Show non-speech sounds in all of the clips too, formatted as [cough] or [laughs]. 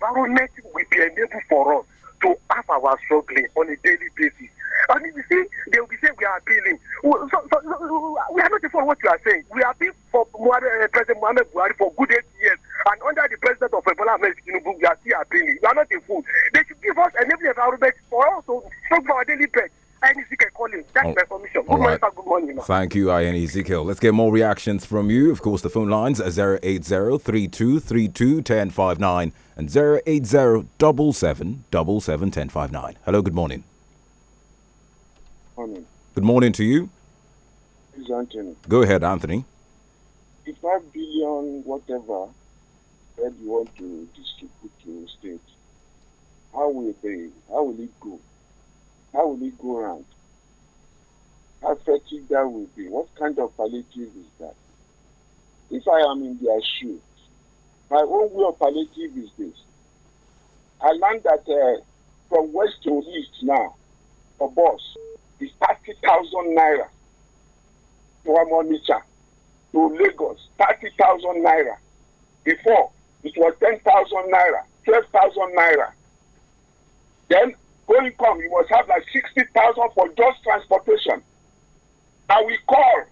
environment will be enabled for us to have our struggling on a daily basis. And if you see, they will be saying we are appealing. So, so, so, we are not for what you are saying. We are appealing for Muhammad, uh, President Muhammad Buhari for good eight years. And under the president of Ebola parliament, we are still appealing. We are not a fool. They should give us enabling environment for us to struggle our daily bread. And Ezekiel calling. That's oh, my permission. Good morning, good morning. Man. Thank you, Ian Ezekiel. Let's get more reactions from you. Of course, the phone lines are 080 3232 1059. Zero eight zero double seven double seven ten five nine. Hello, good morning. Morning. Good morning to you. This is Anthony. Go ahead, Anthony. The 5 billion whatever that you want to distribute to state, how will they, how will it go? How will it go around? How effective that will be? What kind of palliative is that? If I am in their shoe, my own way of palliative is this. I learned that uh, from west to east now, a bus is 30,000 naira to Amonicha, to Lagos, 30,000 naira. Before, it was 10,000 naira, 12,000 naira. Then, going come, you must have like 60,000 for just transportation. And we call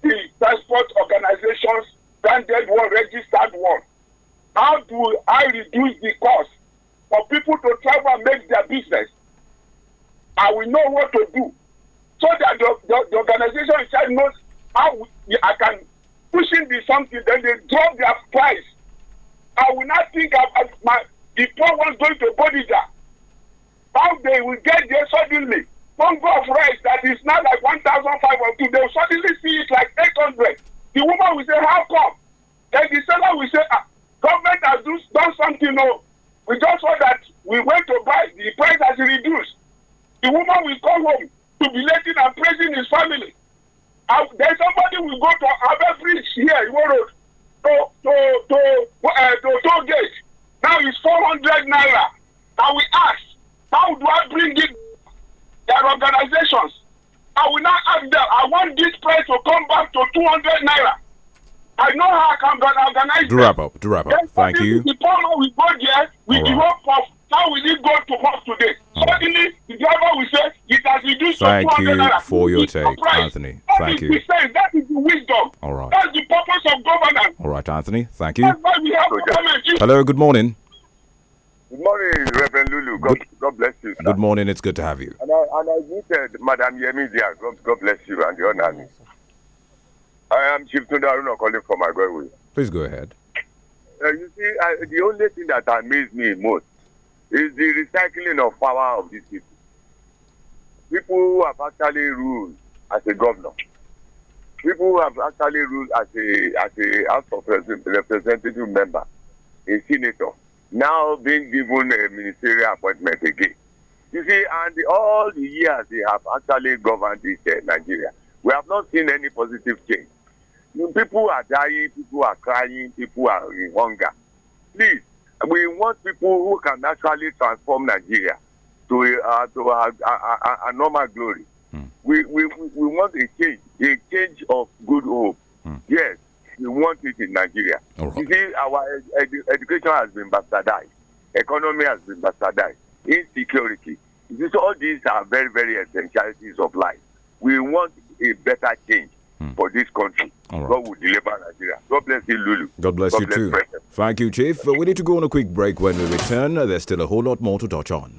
the transport organizations branded one, registered one. How do I reduce the cost for people to travel and make their business? I will know what to do so that the, the, the organization itself knows how I can push in the something, then they drop their price. I will not think of, my, the poor ones going to Bodija. How they will get there suddenly. go of rice that is now like 1,500, they will suddenly see it like 800. The woman will say, How come? Then the seller will say, ah, Government has do, done something, Now We just saw that we went to buy, the price has reduced. The woman will come home to be letting and praising his family. And then somebody will go to Abbey Bridge here, Iwo Road, to, to, to, uh, to toll gate. Now it's 400 naira. Now we ask, how do I bring it? Their organizations. I will not ask them, I want this price to come back to 200 naira. I know how I can organize. Do wrap up. Do wrap up. Yes, Thank you. The farmer will go there. We give up of how will it go to work today? Suddenly, the driver will say it has reduced. Thank you for your take, Anthony. That Thank you. Say, that is the wisdom. All right. That's the purpose of governance. All right, Anthony. Thank you. Hello. Good morning. Good morning, Reverend Lulu. God, good, God bless you. Sir. Good morning. It's good to have you. And I, and I greeted Madam Yemi there. God, God bless you and the honor. I am Chief Tunde Aruna calling from Agwewe. Please go ahead. Uh, you see, I, the only thing that amazes me most is the recycling of power of these people. People who have actually ruled as a governor, people who have actually ruled as a as a House of Representative member, a senator, now being given a ministerial appointment again. You see, and the, all the years they have actually governed this uh, Nigeria, we have not seen any positive change. People are dying, people are crying, people are in hunger. Please, we want people who can naturally transform Nigeria to uh, to a, a, a, a normal glory. Mm. We, we we want a change, a change of good hope. Mm. Yes, we want it in Nigeria. Right. You see, our ed education has been bastardized, economy has been bastardized, insecurity. You see, all these are very very essentialities of life. We want a better change mm. for this country. All right. God will deliver Nigeria. God bless you, Lulu. God bless God you bless too. President. Thank you, Chief. Uh, we need to go on a quick break when we return. Uh, there's still a whole lot more to touch on.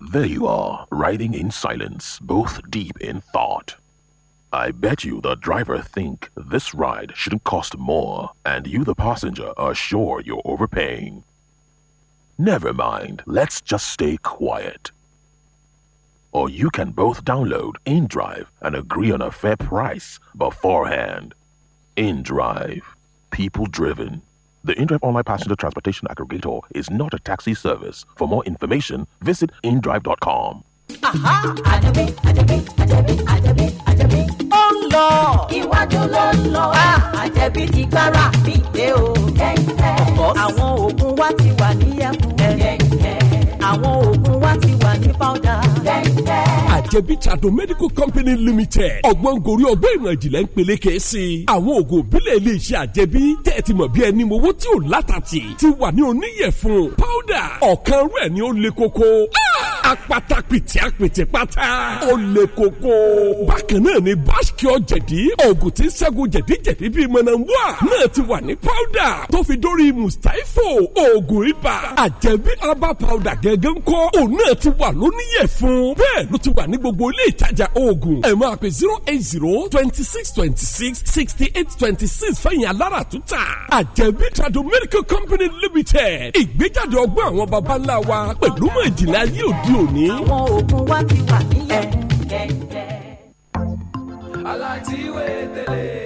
There you are, riding in silence, both deep in thought. I bet you the driver think this ride shouldn't cost more, and you the passenger are sure you're overpaying. Never mind, let's just stay quiet. Or you can both download InDrive and agree on a fair price beforehand. InDrive, people driven. The InDrive Online Passenger Transportation Aggregator is not a taxi service. For more information, visit indrive.com. Aha! Àjẹbí, àjẹbí, àjẹbí, àjẹbí, àjẹbí. Ó ń lọ. Iwájú ló ń lọ. Àjẹbí ah, ti gbára mi dé o. Ọ̀pọ̀ àwọn oògùn wa ti wà ní ẹ̀kún. Àwọn oògùn wa ti wà ní pọ́dà. àjẹbí trado medical company limited ọ̀gbọ́ngòrí ọgbọ́n ìmọ̀ ìjìnlẹ̀ ń peléke sí i. àwọn oògùn òbílẹ̀ iléeṣẹ́ àjẹbí tẹ́ ẹ ti mọ̀ bí ẹni mowó tí ò látàtì ti wà ní oníyẹ̀fun powder ọ̀kan rẹ̀ ni ó le koko. Ah! apatapìtì apìtì pátá ó le koko. bákan náà ni báṣkì ọ̀jẹ̀dí oògùn tí ń ṣẹ́gun jẹ̀díjẹ̀dí bíi mọ̀nàmúà náà ti wà ní pọ́dà tó fi dórí mùsítáífò oògùn ibà àjẹbí herbal powder gẹ́gẹ́ ń kọ́ òun náà ti wà lóníyẹ̀ fún bẹ́ẹ̀ ló ti wà ní gbogbo ilé ìtajà oògùn ẹ máa pè zero eight zero twenty six twenty six sixty eight twenty six fẹ̀yìn alára tuta àjẹbí tradu medical company limited ìgbéjáde ọgbọ́n àwọn baba ńlá wa pẹ̀lú mọ̀ ìjìnlẹ̀ ayé òní. àwọn oògùn wa ti wà níyẹn. aláàtìwé tẹ̀lé.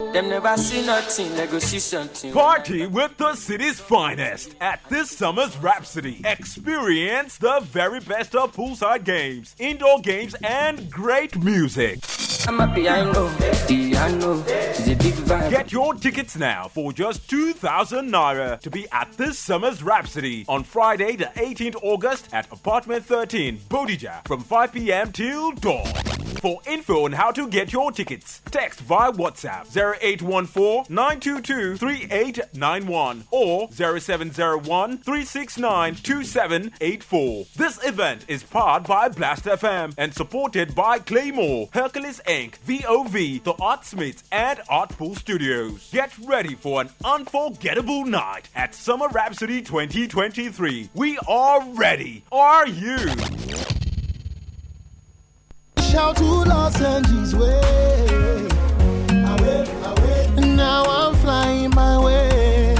Them never see nothing, they go see something. Party with the city's finest at this summer's Rhapsody. Experience the very best of poolside games, indoor games, and great music. I'm a piano, piano, a big vibe. Get your tickets now for just 2,000 naira to be at this summer's Rhapsody on Friday, the 18th August at Apartment 13, Bodija, from 5 pm till dawn. For info on how to get your tickets, text via WhatsApp 0 0814 922 3891 or 0701 369 2784. This event is powered by Blast FM and supported by Claymore, Hercules Inc., VOV, The Artsmiths, and Artpool Studios. Get ready for an unforgettable night at Summer Rhapsody 2023. We are ready. Are you? Shout to Los Angeles way. Now I'm flying my way.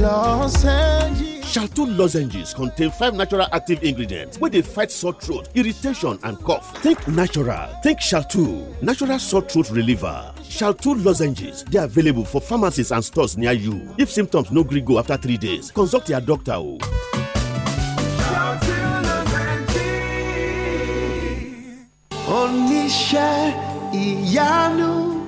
Los Angeles. lozenges contain five natural active ingredients where they fight sore throat, irritation, and cough. Think natural. Think Shalto. Natural sore throat reliever. Shalto lozenges. They are available for pharmacies and stores near you. If symptoms no go after three days, consult your doctor. Oh. ìyanu.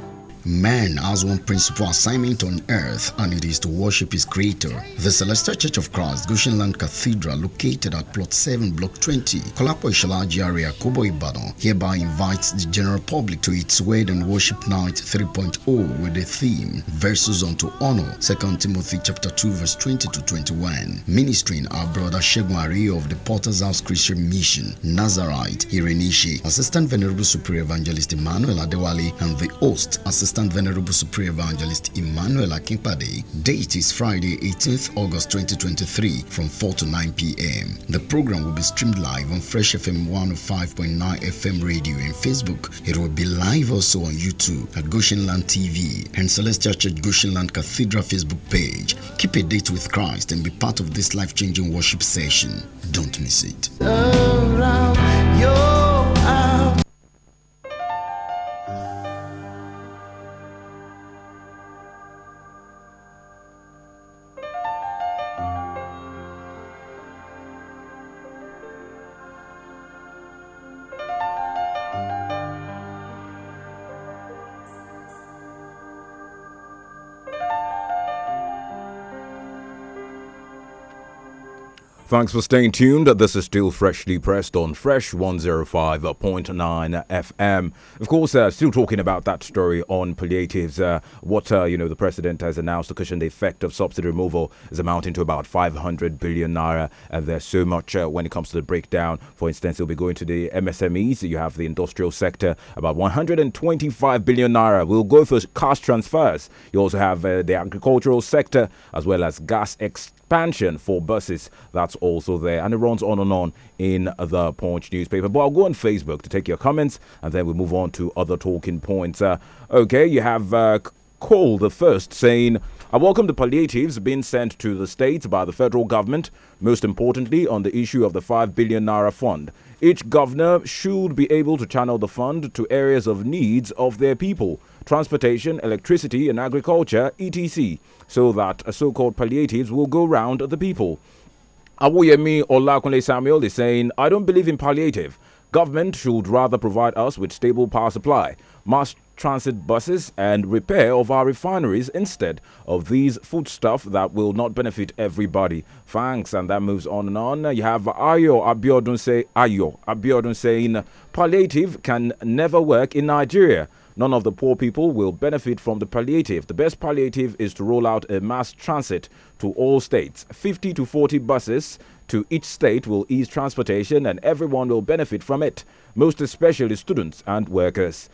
Man has one principal assignment on earth, and it is to worship his creator. The Celestial Church of Christ, Goshenland Cathedral, located at Plot 7, Block 20, Kolapo Ishalaji area, Kobo Ibadan, hereby invites the general public to its Word and Worship Night 3.0 with the theme Verses unto Honor, 2 Timothy chapter 2, verse 20 to 21. Ministering our brother Shegun of the Potter's House Christian Mission, Nazarite, Irenishi, Assistant Venerable Superior Evangelist Emmanuel Adewale, and the host, Assistant Assistant Venerable Supreme Evangelist Emmanuel Akinpade. Date is Friday, 18th August 2023 from 4 to 9 p.m. The program will be streamed live on Fresh FM 105.9 FM radio and Facebook. It will be live also on YouTube at Goshenland TV and Celestial Church Goshenland Cathedral Facebook page. Keep a date with Christ and be part of this life-changing worship session. Don't miss it. Thanks for staying tuned. This is still freshly pressed on Fresh 105.9 FM. Of course, uh, still talking about that story on palliatives. Uh, what uh, you know, the president has announced to cushion the effect of subsidy removal is amounting to about 500 billion naira. And uh, there's so much uh, when it comes to the breakdown. For instance, it'll be going to the MSMEs. You have the industrial sector, about 125 billion naira. We'll go for cash transfers. You also have uh, the agricultural sector as well as gas ex expansion for buses that's also there. And it runs on and on in the Punch newspaper. But I'll go on Facebook to take your comments and then we move on to other talking points. Uh, okay, you have uh, Cole the First saying, I welcome the palliatives being sent to the states by the federal government, most importantly on the issue of the 5 billion naira fund. Each governor should be able to channel the fund to areas of needs of their people transportation, electricity and agriculture, etc so that so called palliatives will go round the people. Awoyemi Olakunle Samuel is saying, I don't believe in palliative. Government should rather provide us with stable power supply, mass transit buses, and repair of our refineries instead of these foodstuff that will not benefit everybody. Thanks, and that moves on and on. You have Ayo Abiodun say Ayo Abiodun saying palliative can never work in Nigeria. None of the poor people will benefit from the palliative. The best palliative is to roll out a mass transit to all states. 50 to 40 buses to each state will ease transportation and everyone will benefit from it, most especially students and workers.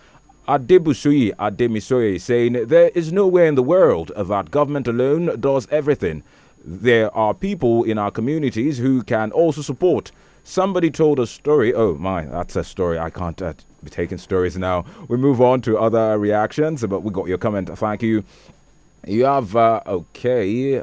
Adebusuyi Ademisoye saying, There is nowhere in the world that government alone does everything. There are people in our communities who can also support Somebody told a story. Oh my, that's a story. I can't uh, be taking stories now. We move on to other reactions, but we got your comment. Thank you. You have uh, okay.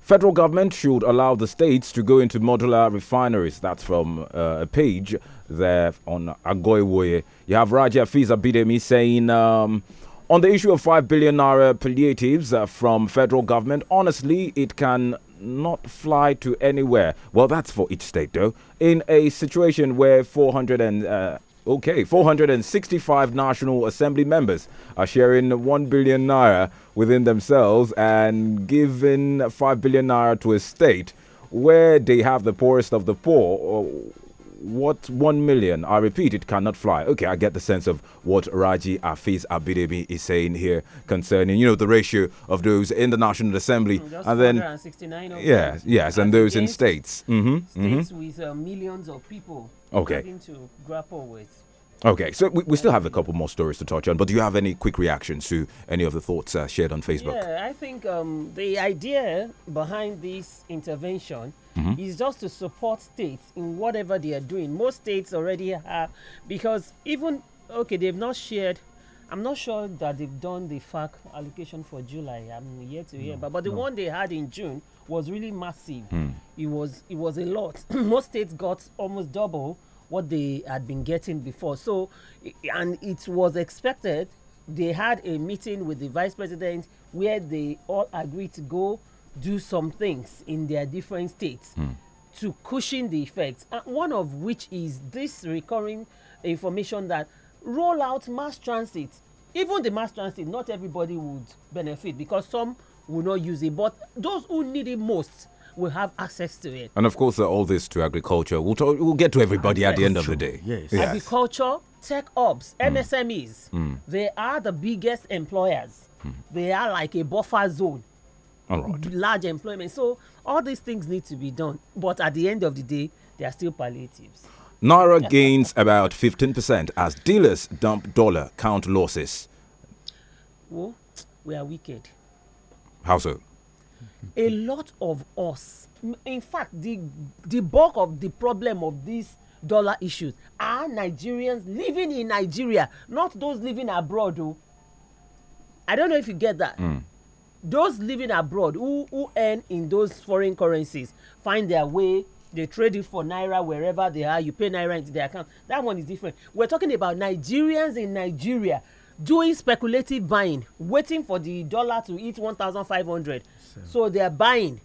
Federal government should allow the states to go into modular refineries. That's from uh, a page there on Agoiwoye. You have Raja Fiza Bidemi saying. Um, on the issue of 5 billion naira palliatives uh, from federal government, honestly, it can not fly to anywhere. Well, that's for each state, though. In a situation where 400 and uh, okay, 465 National Assembly members are sharing 1 billion naira within themselves and giving 5 billion naira to a state where they have the poorest of the poor what 1 million? I repeat, it cannot fly. Okay, I get the sense of what Raji Afiz Abidemi is saying here concerning, you know, the ratio of those in the National Assembly mm, and then. Yes, yeah, yes, and those in states. Mm -hmm, states mm -hmm. with uh, millions of people okay. to grapple with. Okay, so we, we still have a couple more stories to touch on, but do you have any quick reactions to any of the thoughts uh, shared on Facebook? Yeah, I think um, the idea behind this intervention mm -hmm. is just to support states in whatever they are doing. Most states already have, because even, okay, they've not shared. I'm not sure that they've done the FAC allocation for July. I'm yet to hear, no, but, but the no. one they had in June was really massive. Mm. It was it was a lot. [clears throat] Most states got almost double what they had been getting before. So, and it was expected. They had a meeting with the vice president where they all agreed to go do some things in their different states mm. to cushion the effects. one of which is this recurring information that roll out mass transit. Even the mass transit, not everybody would benefit because some will not use it, but those who need it most will have access to it. And of course, uh, all this to agriculture. We'll, talk, we'll get to everybody at the end of the day. Yes. yes. Agriculture, tech ops, MSMEs, hmm. mm. they are the biggest employers. Mm. They are like a buffer zone. All right. Large employment. So all these things need to be done. But at the end of the day, they are still palliatives. Naira gains about 15% as dealers dump dollar count losses. Well, we are wicked. How so? a lot of us in fact the the bulk of the problem of these dollar issues are nigerians living in nigeria not those living abroad I oh. i don't know if you get that. Mm. those living abroad who who earn in those foreign currencies find their way they trade it for naira wherever they are you pay naira into their account that one is different we're talking about nigerians in nigeria doing speculative buying waiting for the dollar to hit 1500 so they are buying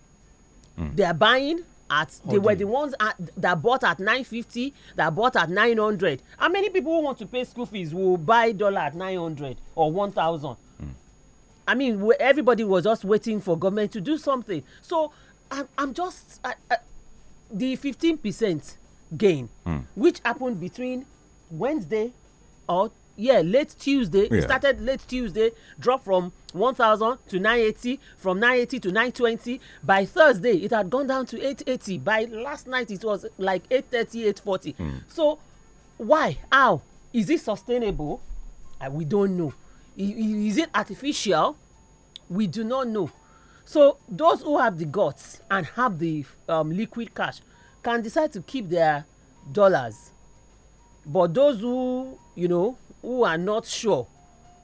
mm. they are buying at Holding. they were the ones at, that bought at 950 that bought at 900 how many people who want to pay school fees will buy dollar at 900 or 1000 mm. i mean everybody was just waiting for government to do something so i'm, I'm just I, I, the 15 percent gain mm. which happened between wednesday or yeah late tuesday yeah. started late tuesday dropped from 1000 to 980 from 980 to 920 by thursday it had gone down to 880 by last night it was like 830 840 mm. so why how is it sustainable uh, we don't know is it artificial we do not know so those who have the guts and have the um, liquid cash can decide to keep their dollars but those who you know who are not sure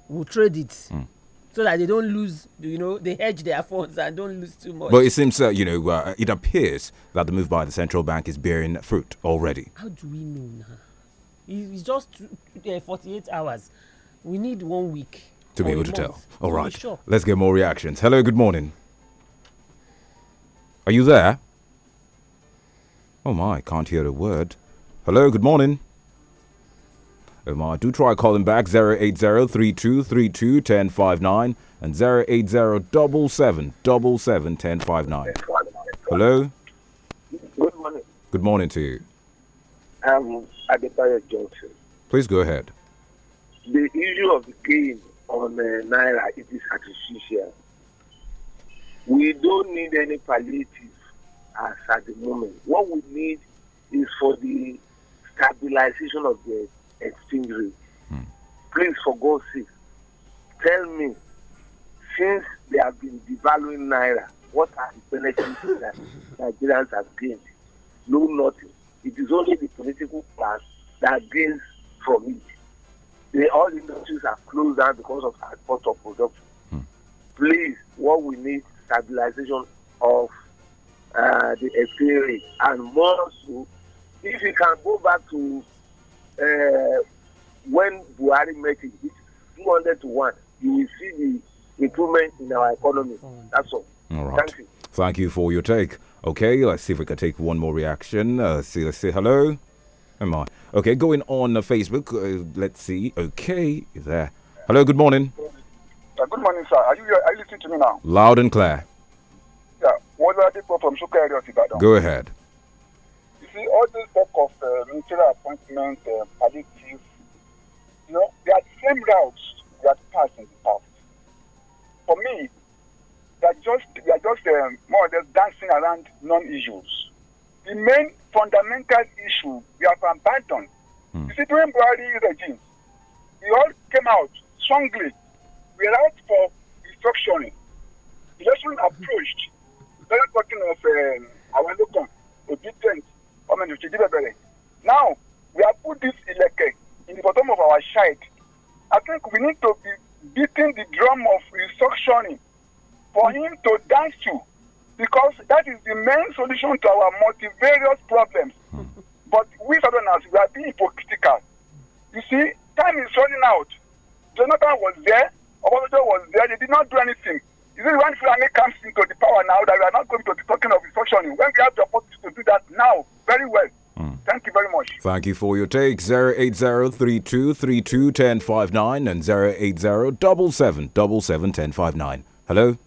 will trade it. Mm. So that they don't lose, you know, they hedge their funds and don't lose too much. But it seems, uh, you know, uh, it appears that the move by the central bank is bearing fruit already. How do we know now? It's just uh, 48 hours. We need one week to be able to tell. All right. Sure. Let's get more reactions. Hello, good morning. Are you there? Oh my, can't hear a word. Hello, good morning. Omar, do try calling back 080-3232-1059 and 080-777-1059. Hello? Good morning. Good morning to you. I'm Adebayo Johnson. Please go ahead. The issue of the game on uh, Naira it is artificial. We don't need any palliative as at the moment. What we need is for the stabilization of the exchange Mm. Please, for God's sake, tell me, since they have been devaluing Naira, what are the benefits [laughs] that Nigerians have gained? No, nothing. It is only the political class that gains from it. The, all industries are closed down because of export of production. Mm. Please, what we need stabilization of uh, the exchange rate and more so if you can go back to uh, when Buhari makes it, it's 200 to 1. You will see the improvement in our economy. Mm. That's all. All right. Thank you. Thank you for your take. Okay, let's see if we can take one more reaction. Uh, let's see, let's say Hello? Am I? Okay, going on uh, Facebook. Uh, let's see. Okay, there. Hello, good morning. Uh, good morning, sir. Are you, are you listening to me now? Loud and clear. Yeah. What are the from Go ahead see, all this talk of uh, ministerial appointment, uh, palliative, you know, they are the same routes we had passed in the past. For me, they are just, they are just um, more or less dancing around non issues. The main fundamental issue we have abandoned mm. is the during Buhari regime. We all came out strongly. We are out for restructuring. The lesson approached. Very talking of um, our local obedient now we have put this eleke in the bottom of our child i think we need to be beating the drum of restructuring for him to dance to because that is the main solution to our multivarious problems hmm. but we southerners we are being hypocritical you see time is running out jonathan was there obasanjo was there they did not do anything. You see, when Fulani comes into the power now, that we are not going to be talking of restructuring, when we have the opportunity to do that now, very well. Hmm. Thank you very much. Thank you for your take. 08032321059 and 08077771059. Hello.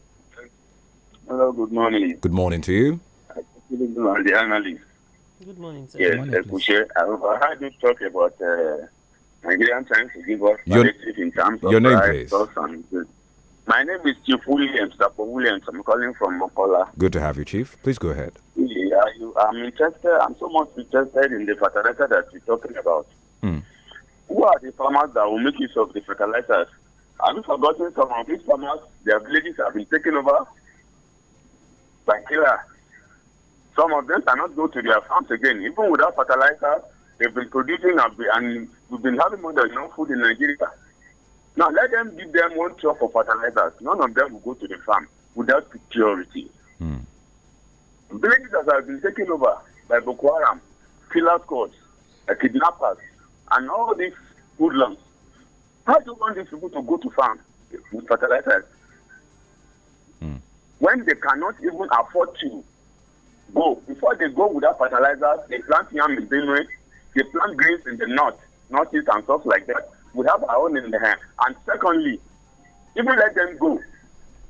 Hello, good morning. Good morning to you. Good morning, the analyst. Good morning, sir. Yes, good morning, Kushe, i heard you talk about uh, Nigerian trying to give us your, in terms your name, please. and my name is Chief Williams, Dr. Williams. I'm calling from Mokola. Good to have you, Chief. Please go ahead. Yeah, you, I'm interested. I'm so much interested in the fertilizer that you're talking about. Mm. Who are the farmers that will make use of the fertilizers? Have you forgotten some of these farmers? Their villages have been taken over by killer. Some of them cannot go to their farms again. Even without fertilizer, they've been producing and we've been having more than enough food in Nigeria. Now let them give them one truck of fertilizers. None of them will go to the farm without security. Mm. Villages that have been taken over by Boko Haram, killer squads, uh, kidnappers, and all these hoodlums. How do you want these people to go to farm with fertilizers? Mm. When they cannot even afford to go, before they go without fertilizers, they plant yam in Benue, they plant greens in the north, northeast, and stuff like that we have our own in the hand. And secondly, if we let them go,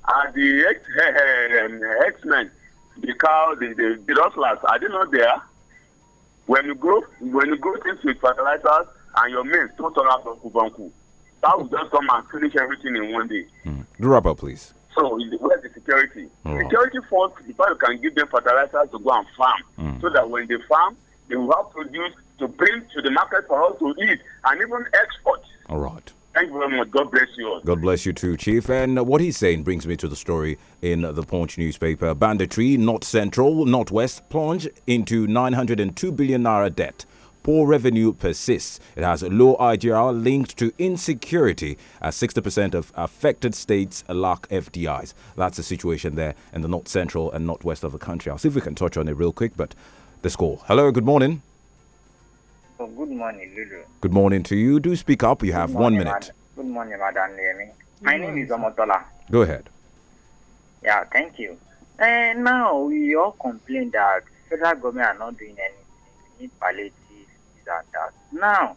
are the ex [laughs] um, X-Men, because the, the, are they not there? When you go, when you go things with fertilizers and your men, don't turn out bunku Kubanku. That will just come and finish everything in one day. Mm. Do please. So where's the security? Oh. Security force, the you can give them fertilizers to go and farm, mm. so that when they farm, they will have produced to bring to the market for us to eat and even export. All right. Thank you very much. God bless you all. God bless you too, Chief. And what he's saying brings me to the story in the Punch newspaper. Banditry, not central, not west, plunge into 902 billion naira debt poor revenue persists. It has low IGR linked to insecurity as 60% of affected states lack FDIs. That's the situation there in the north central and northwest of the country. I'll see if we can touch on it real quick, but the score. Hello, good morning. So good morning, Lulu. Good morning to you. Do speak up. You have morning, one minute. Good morning, Madam Yemi. My name is Omotola. Go ahead. Yeah, thank you. And eh, now we all complain that federal government are not doing anything, need palliative, and that. Now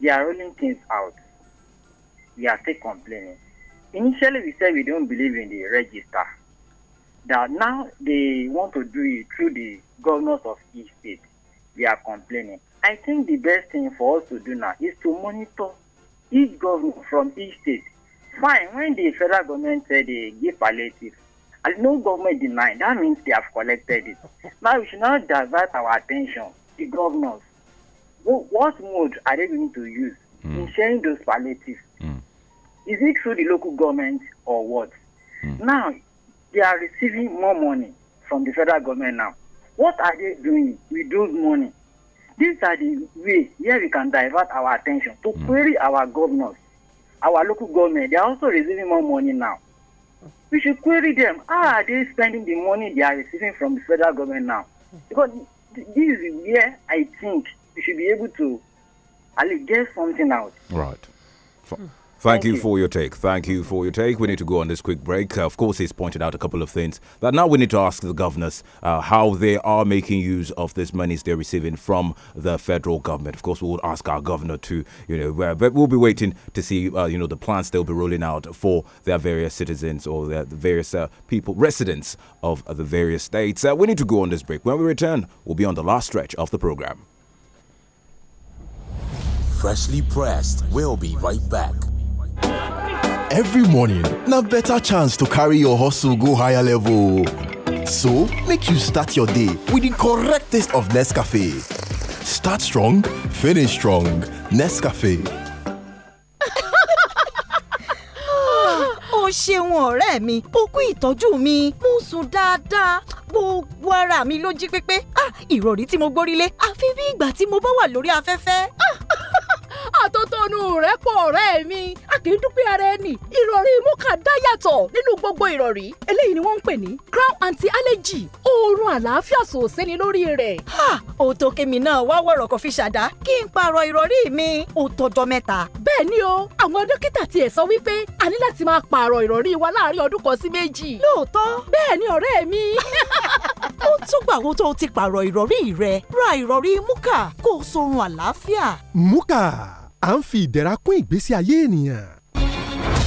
they are rolling things out. We are still complaining. Initially, we said we don't believe in the register. That now they want to do it through the governors of each state. We are complaining. I think the best thing for us to do now is to monitor each government from each state. Fine, when the federal government said they give palliative, and no government denied, that means they have collected it. Now we should not divert our attention to governors. What mode are they going to use mm. in sharing those palliatives? Mm. Is it through the local government or what? Mm. Now, they are receiving more money from the federal government now. What are they doing with those money? These are the ways where we can divert our attention to mm. query our governors, our local government. They are also receiving more money now. We should query them. How are they spending the money they are receiving from the federal government now? Because this is where I think we should be able to at least get something out. Right. For- Thank, you, for your take. Thank you for your take. We need to go on this quick break. of course, he's pointed out a couple of things that now we need to ask the governors uh, how they are making use of this monies they're receiving from the federal government. Of course, we will ask our governor to, you know, uh, but we'll be waiting to see, uh, you know, the plans they'll be rolling out for their various citizens or their the various uh, people, residents of the various states. Uh, we need to go on this break. When we return, we'll be on the last stretch of the program. Freshly pressed. We'll be right back. every morning na better chance to carry your hustle go higher level. So, make you start your day with the correct taste of Nescafe. Start strong, finish strong. Nescafe. Ó [laughs] ṣeun ọ̀rẹ́ mi, ó kú ìtọ́jú mi, mo sùn dáadáa, gbogbo ara mi ló jí pépé. Ah, ìrọ̀rí tí mo gbórí lé, àfi bí ìgbà tí mo bá wà lórí afẹ́fẹ́. Ah! ọ̀nù rẹ̀ pọ̀ ọ̀rẹ́ mi a kì í dúpẹ́ ara ẹni ìrọ̀rí Muka dá yàtọ̀ nínú gbogbo ìrọ̀rí eléyìí ni wọ́n ń pè ní crown anti allergy oorun àlàáfíà sòsẹ́ni lórí rẹ̀. ha òótọ́ kemi náà wá wọ̀rọ̀ kò fi ṣàdá kí n pààrọ̀ ìrọ̀rí mi ó tọjọ́ mẹ́ta. bẹ́ẹ̀ ni o àwọn dókítà tiẹ̀ sọ wípé a ní láti máa pààrọ̀ ìrọ̀rí wa láàárín ọdún kan sí méjì. lóòótọ́ bẹ́ẹ̀ ni ọ̀rẹ́ mi. ó tún gbà wo tó o ti pààrọ̀ ìrọ̀rí rẹ ra ìrọ̀rí Muka kó o sorun àlàáfíà. Muka à ń fi ìdẹ̀ra kún ìgbésí ayé ènìyàn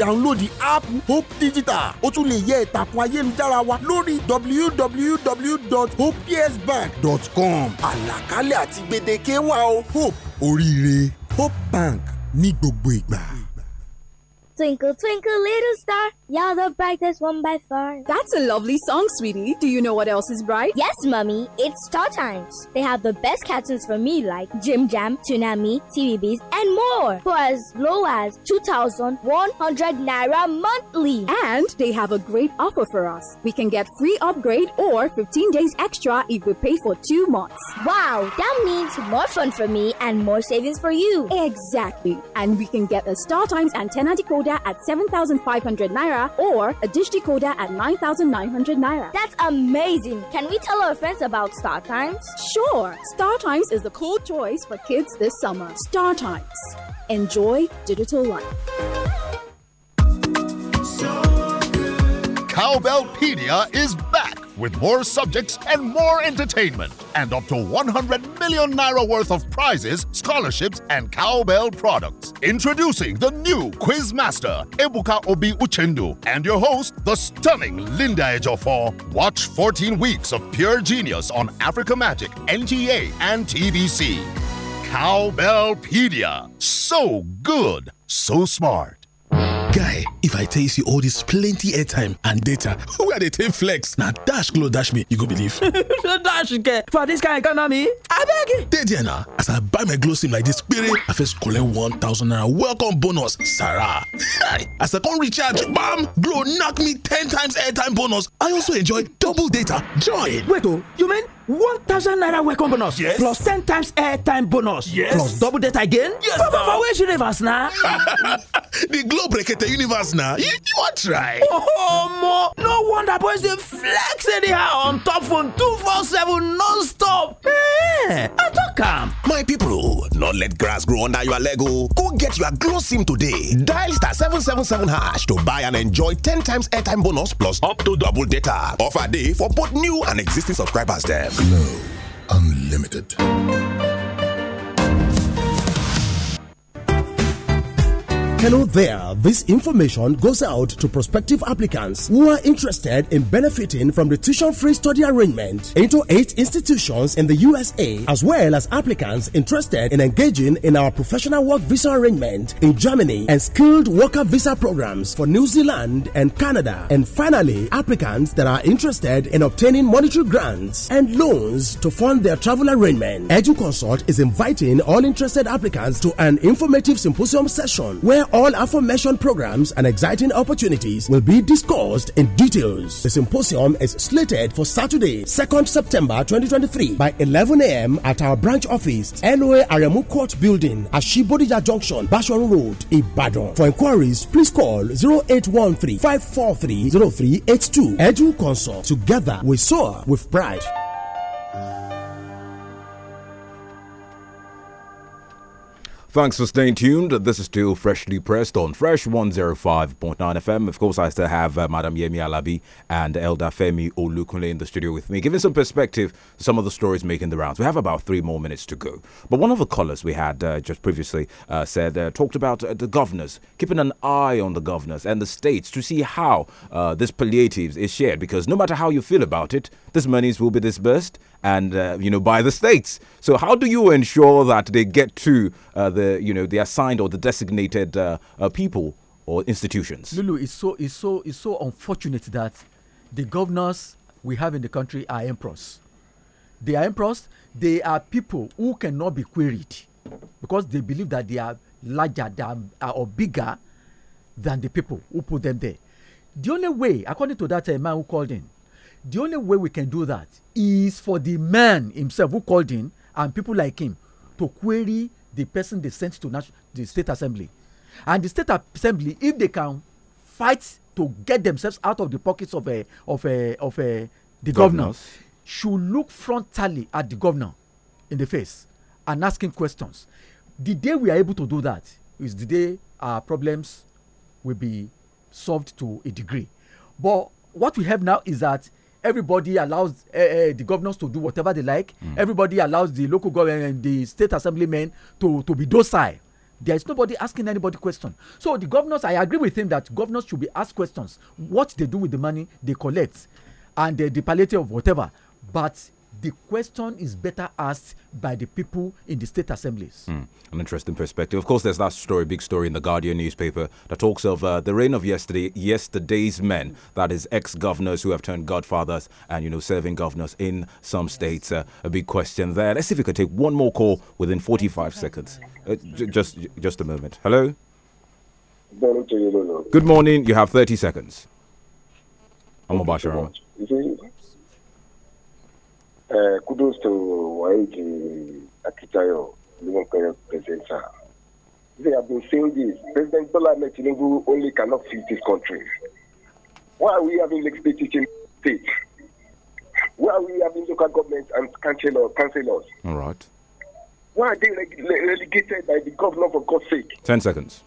Download the app hope digital ó tún lè yẹ ìtàkùn ayélujára wa lórí www.hopepsbank.com àlàkalẹ̀ àti gbèdéke wa o hope oríire hope bank ní gbogbo ìgbà. twinkle twinkle little star You're the brightest one by far. That's a lovely song, sweetie. Do you know what else is bright? Yes, mummy. It's Star Times. They have the best cartoons for me like Jim Jam, Tsunami, TVBs, and more for as low as 2,100 naira monthly. And they have a great offer for us. We can get free upgrade or 15 days extra if we pay for two months. Wow, that means more fun for me and more savings for you. Exactly. And we can get a Star Times antenna decoder at 7,500 naira naira or a dish decoder at 9,900 naira. That's amazing! Can we tell our friends about Star Times? Sure! Star Times is the cool choice for kids this summer. Star Times. Enjoy digital life. So Cowbellpedia is back with more subjects and more entertainment, and up to 100 million naira worth of prizes, scholarships, and cowbell products. Introducing the new quiz master, Ebuka Obi Uchendu, and your host, the stunning Linda Ejofor. Watch 14 weeks of pure genius on Africa Magic, NTA, and TBC. Cowbellpedia. So good, so smart. guy if i tell you see all this plenty airtime and data wey i dey take flex Now dash glow dash me you go believe. [laughs] dash get for this kind economy I abeg. dey there now. as i buy my glow sim like this péré i first collect one thousand naira welcome bonus sarah as i come recharge bam glo knack me ten times airtime bonus i also enjoy double data join. wait o oh, you mean one thousand naira welcome bonus yes. plus ten times airtime bonus yes. plus double data again. yes na for which universe na. [laughs] the glo brekete universe na you, you wan try. omo oh, no wonder boys dey flex anyhow on top phone two four seven non-stop. Hey, eh, i talk am. my people no let grass grow under your Lego, oh. go get your Glow SIM today. Dial star 777 hash to buy and enjoy 10 times airtime bonus plus up to double data. Offer day for both new and existing subscribers. Them. Glow Unlimited. Hello there. This information goes out to prospective applicants who are interested in benefiting from the tuition free study arrangement into eight institutions in the USA, as well as applicants interested in engaging in our professional work visa arrangement in Germany and skilled worker visa programs for New Zealand and Canada. And finally, applicants that are interested in obtaining monetary grants and loans to fund their travel arrangement. EduConsult is inviting all interested applicants to an informative symposium session where all aforementioned programs and exciting opportunities will be discussed in details. The symposium is slated for Saturday, 2nd September 2023 by 11 a.m. at our branch office, NOA Aremu Court Building, Ashibodija Junction, Bashorun Road, Ibadan. For inquiries, please call 0813 543 0382. Edu Consult. Together we soar with pride. Thanks for staying tuned. This is still freshly pressed on Fresh 105.9 FM. Of course, I still have uh, Madam Yemi Alabi and Elda Femi Olukunle in the studio with me, giving some perspective to some of the stories making the rounds. We have about three more minutes to go. But one of the callers we had uh, just previously uh, said, uh, talked about uh, the governors, keeping an eye on the governors and the states to see how uh, this palliative is shared. Because no matter how you feel about it, this monies will be disbursed and uh, you know by the states. So how do you ensure that they get to uh, the you know the assigned or the designated uh, uh, people or institutions? Lulu, it's so it's so it's so unfortunate that the governors we have in the country are emperors. They are emperors. They are people who cannot be queried because they believe that they are larger than uh, or bigger than the people who put them there. The only way, according to that uh, man who called in, the only way we can do that is for the man himself who called in and people like him to query the person they sent to the state assembly and the state assembly if they can fight to get themselves out of the pockets of a eh, of a eh, of a eh, the governor should look frontally at the governor in the face and ask him questions the day we are able to do that is the day our problems will be solved to a degree but what we have now is that everybody allows uh, uh, the governors to do whatever they like mm. everybody allows the local government eh, and the state assemblymen to to be docile there is nobody asking anybody question so the governors i agree with him that governors should be asked questions what they do with the money they collect and uh, the palliative of whatever but the question is better asked by the people in the state assemblies. Mm, an interesting perspective. Of course, there's that story, big story in the Guardian newspaper that talks of uh, the reign of yesterday, yesterday's men, that is ex-governors who have turned godfathers and, you know, serving governors in some states. Uh, a big question there. Let's see if we can take one more call within 45 seconds. Uh, just, just a moment. Hello? Good morning. You have 30 seconds. I'm Obashiro. Eh, kudos to Waiji Akitayo, Union President. They have been saying this. President Bola Tinubu only cannot feed this country. Why are we having legislative in state? Why are we having local governments and councillors? councillors? All right. Why are they relegated by the governor for God's sake? Ten seconds.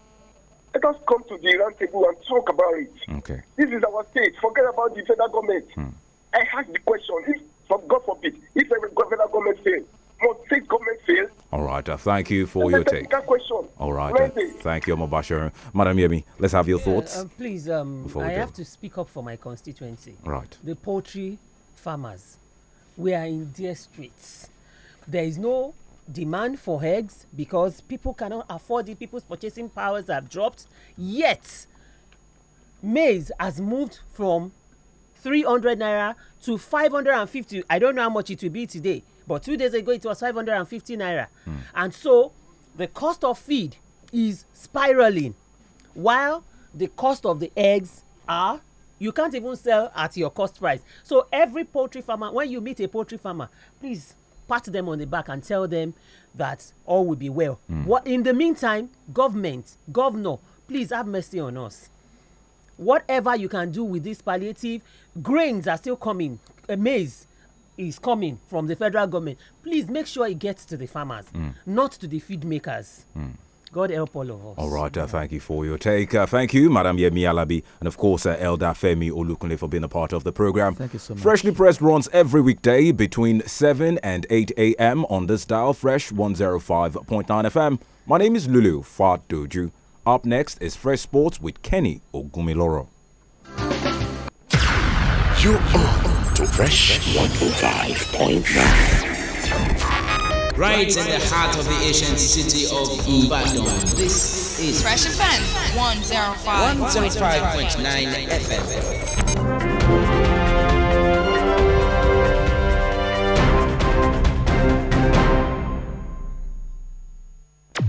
Let us come to the round table and talk about it. Okay. This is our state. Forget about the federal government. Hmm. I ask the question. If for God forbid, if every federal government fails, more state government fails. All right, uh, thank you for your take. Question. All right, uh, thank you, Mobasher. Madam Yemi, let's have your yeah, thoughts. Um, please, um, I have to speak up for my constituency. Right. The poultry farmers, we are in dear straits. There is no demand for eggs because people cannot afford it. People's purchasing powers have dropped. Yet, maize has moved from 300 naira to 550 i don't know how much it will be today but two days ago it was 550 naira mm. and so the cost of feed is spiraling while the cost of the eggs are you can't even sell at your cost price so every poultry farmer when you meet a poultry farmer please pat them on the back and tell them that all will be well mm. what in the meantime government governor please have mercy on us whatever you can do with this palliative grains are still coming a maize is coming from the federal government please make sure it gets to the farmers mm. not to the feed makers mm. God help all of us. All right, uh, thank you for your take. Uh, thank you, Madam Yemi Alabi, and of course, uh, Elder Femi Olukunle for being a part of the program. Thank you so much. Freshly Pressed runs every weekday between 7 and 8 a.m. on this dial, Fresh 105.9 FM. My name is Lulu Fat up next is Fresh Sports with Kenny Ogumiloro. You are to Fresh 105.9. Right in the heart of the ancient city of Ibadan, this is Fresh Offense 105.9 FM.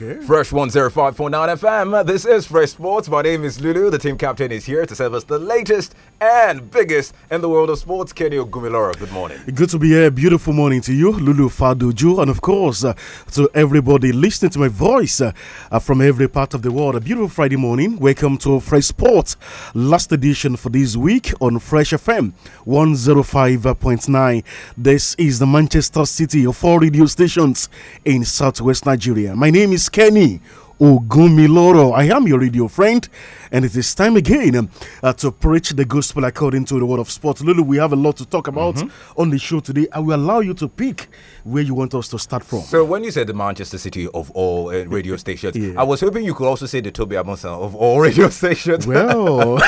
Okay. Fresh 105.9 FM. This is Fresh Sports. My name is Lulu. The team captain is here to serve us the latest and biggest in the world of sports. Kenny Ogumiloro, good morning. Good to be here. Beautiful morning to you, Lulu Faduju, and of course uh, to everybody listening to my voice uh, uh, from every part of the world. A beautiful Friday morning. Welcome to Fresh Sports, last edition for this week on Fresh FM 105.9. This is the Manchester City of four radio stations in southwest Nigeria. My name is Kenny Ogunmiloro. I am your radio friend, and it is time again uh, to preach the gospel according to the word of sports. Lulu, we have a lot to talk about mm -hmm. on the show today. I will allow you to pick where you want us to start from. So, when you said the Manchester City of all uh, radio [laughs] stations, yeah. I was hoping you could also say the Toby Amundsen of all [laughs] radio stations. Well,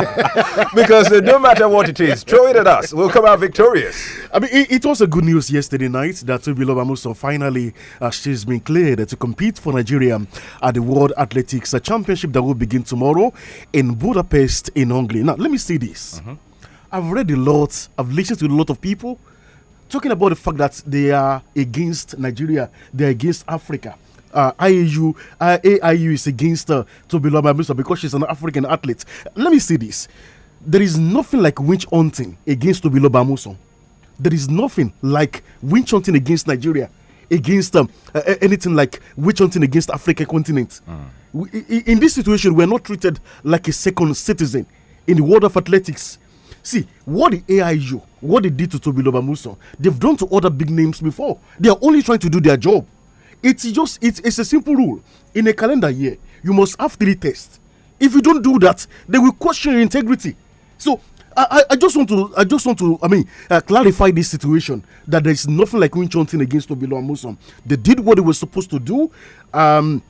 [laughs] because uh, no matter what it is, throw it at us. We'll come out victorious. I mean, it, it was a good news yesterday night that Toby Amundsen finally uh, she's been cleared to compete for Nigeria at the World Athletics Championship that will begin tomorrow tomorrow in Budapest, in Hungary. Now, let me see this. Mm-hmm. I've read a lot, I've listened to a lot of people talking about the fact that they are against Nigeria, they're against Africa. Uh, IAU, uh, AIU is against uh, Tobilo Mabusa because she's an African athlete. Let me say this. There is nothing like witch hunting against Tobilo Bamuso. There is nothing like witch hunting against Nigeria against um, uh, anything like witch hunting against African continent. Mm. We, in this situation, we are not treated like a second citizen in the world of athletics. See what the AIU, what they did to Toby Lobamuso, they've done to other big names before. They are only trying to do their job. It's just it's, it's a simple rule. In a calendar year, you must have three tests. If you don't do that, they will question your integrity. So I, I just want to I just want to I mean uh, clarify this situation that there is nothing like win hunting against Obilo and They did what they were supposed to do. Um,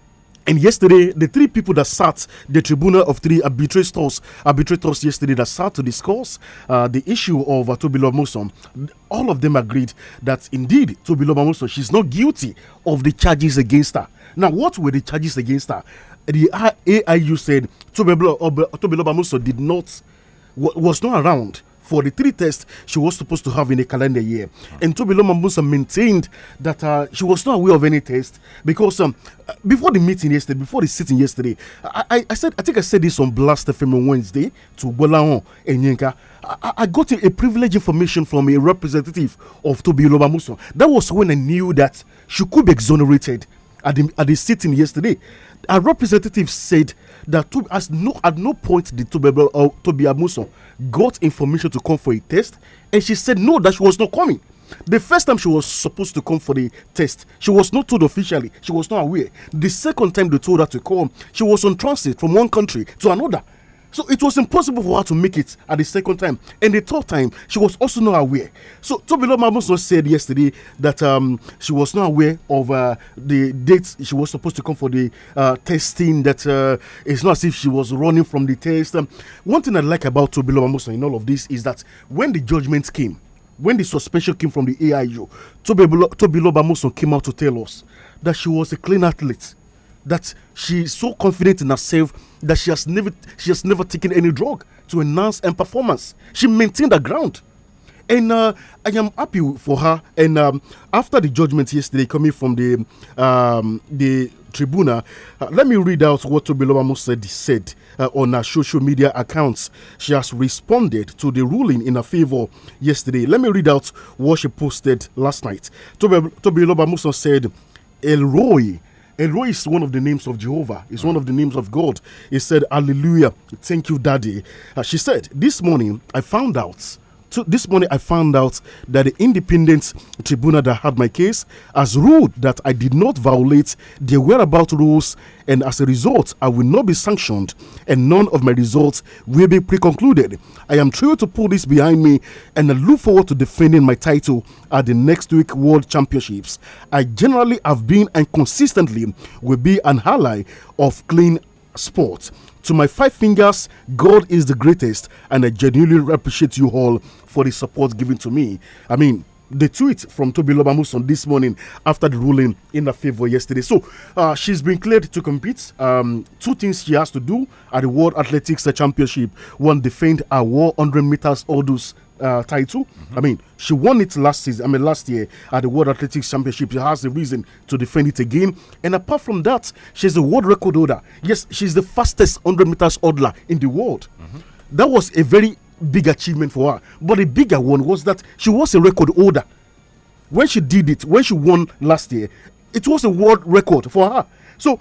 and yesterday, the three people that sat the tribunal of three arbitrators, arbitrators yesterday that sat to discuss uh, the issue of uh, Tobilo Musom, all of them agreed that indeed Tobilo Musom, she's not guilty of the charges against her. Now, what were the charges against her? The AIU said Tobilo Musom did not was not around for the three tests she was supposed to have in a calendar year. Ah. And Toby Lomambusa maintained that uh, she was not aware of any test because um, uh, before the meeting yesterday, before the sitting yesterday, I, I, I, said, I think I said this on Blast FM on Wednesday to Bolaon and Yinka. I, I, got a, a privileged information from a representative of Toby Lomambusa. That was when I knew that she could be exonerated at the, at the sitting yesterday. A representative said that to, as no, at no point did Toby, uh, Toby Amuson got information to come for a test, and she said no, that she was not coming. The first time she was supposed to come for the test, she was not told officially, she was not aware. The second time they told her to come, she was on transit from one country to another. So it was impossible for her to make it at the second time. And the third time, she was also not aware. So Tobilo Mabuso said yesterday that um, she was not aware of uh, the date she was supposed to come for the uh, testing, that uh, it's not as if she was running from the test. Um, one thing I like about Tobilo Mabuso in all of this is that when the judgment came, when the suspension came from the AIU, Tobilo Bamuson came out to tell us that she was a clean athlete that she's so confident in herself that she has never she has never taken any drug to enhance her performance. She maintained her ground. And uh, I am happy for her. And um, after the judgment yesterday coming from the um, the Tribuna, uh, let me read out what Tobiloba Musa said uh, on her social media accounts. She has responded to the ruling in her favor yesterday. Let me read out what she posted last night. Tobiloba Musa said, Elroy Elroy is one of the names of Jehovah. It's one of the names of God. He said, Hallelujah. Thank you, Daddy. Uh, she said, This morning I found out this morning I found out that the independent tribunal that had my case has ruled that I did not violate the whereabout rules, and as a result, I will not be sanctioned, and none of my results will be pre-concluded. I am thrilled to put this behind me, and I look forward to defending my title at the next week World Championships. I generally have been and consistently will be an ally of clean sport. To my five fingers, God is the greatest, and I genuinely appreciate you all for the support given to me. I mean, the tweet from Toby Lobamuson this morning after the ruling in her favor yesterday. So uh, she's been cleared to compete. Um, two things she has to do at the World Athletics Championship: one, defend her 100 meters hurdles uh, title. Mm -hmm. I mean, she won it last season. I mean, last year at the World Athletics Championship. She has a reason to defend it again. And apart from that, she's a world record holder. Yes, she's the fastest 100 meters hurdler in the world. Mm -hmm. That was a very big achievement for her. But the bigger one was that she was a record holder. When she did it, when she won last year, it was a world record for her. So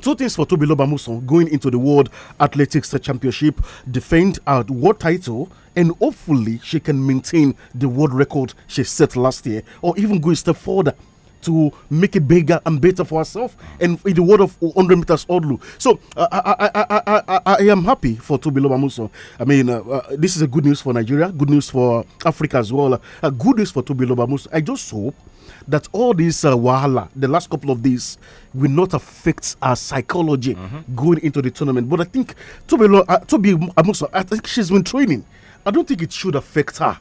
Two things for Toby Lobamuson going into the World Athletics Championship, defend her world title, and hopefully she can maintain the world record she set last year, or even go a step further to make it bigger and better for herself and in the world of 100 meters hurdle. So uh, I, I, I, I, I, am happy for Tubiloba Mamuso. I mean, uh, uh, this is a good news for Nigeria, good news for Africa as well, uh, good news for Tubiloba Mamuso. I just hope that all this uh, wahala, the last couple of days, will not affect our psychology mm -hmm. going into the tournament. But I think Toby, uh, Toby I think she's been training. I don't think it should affect her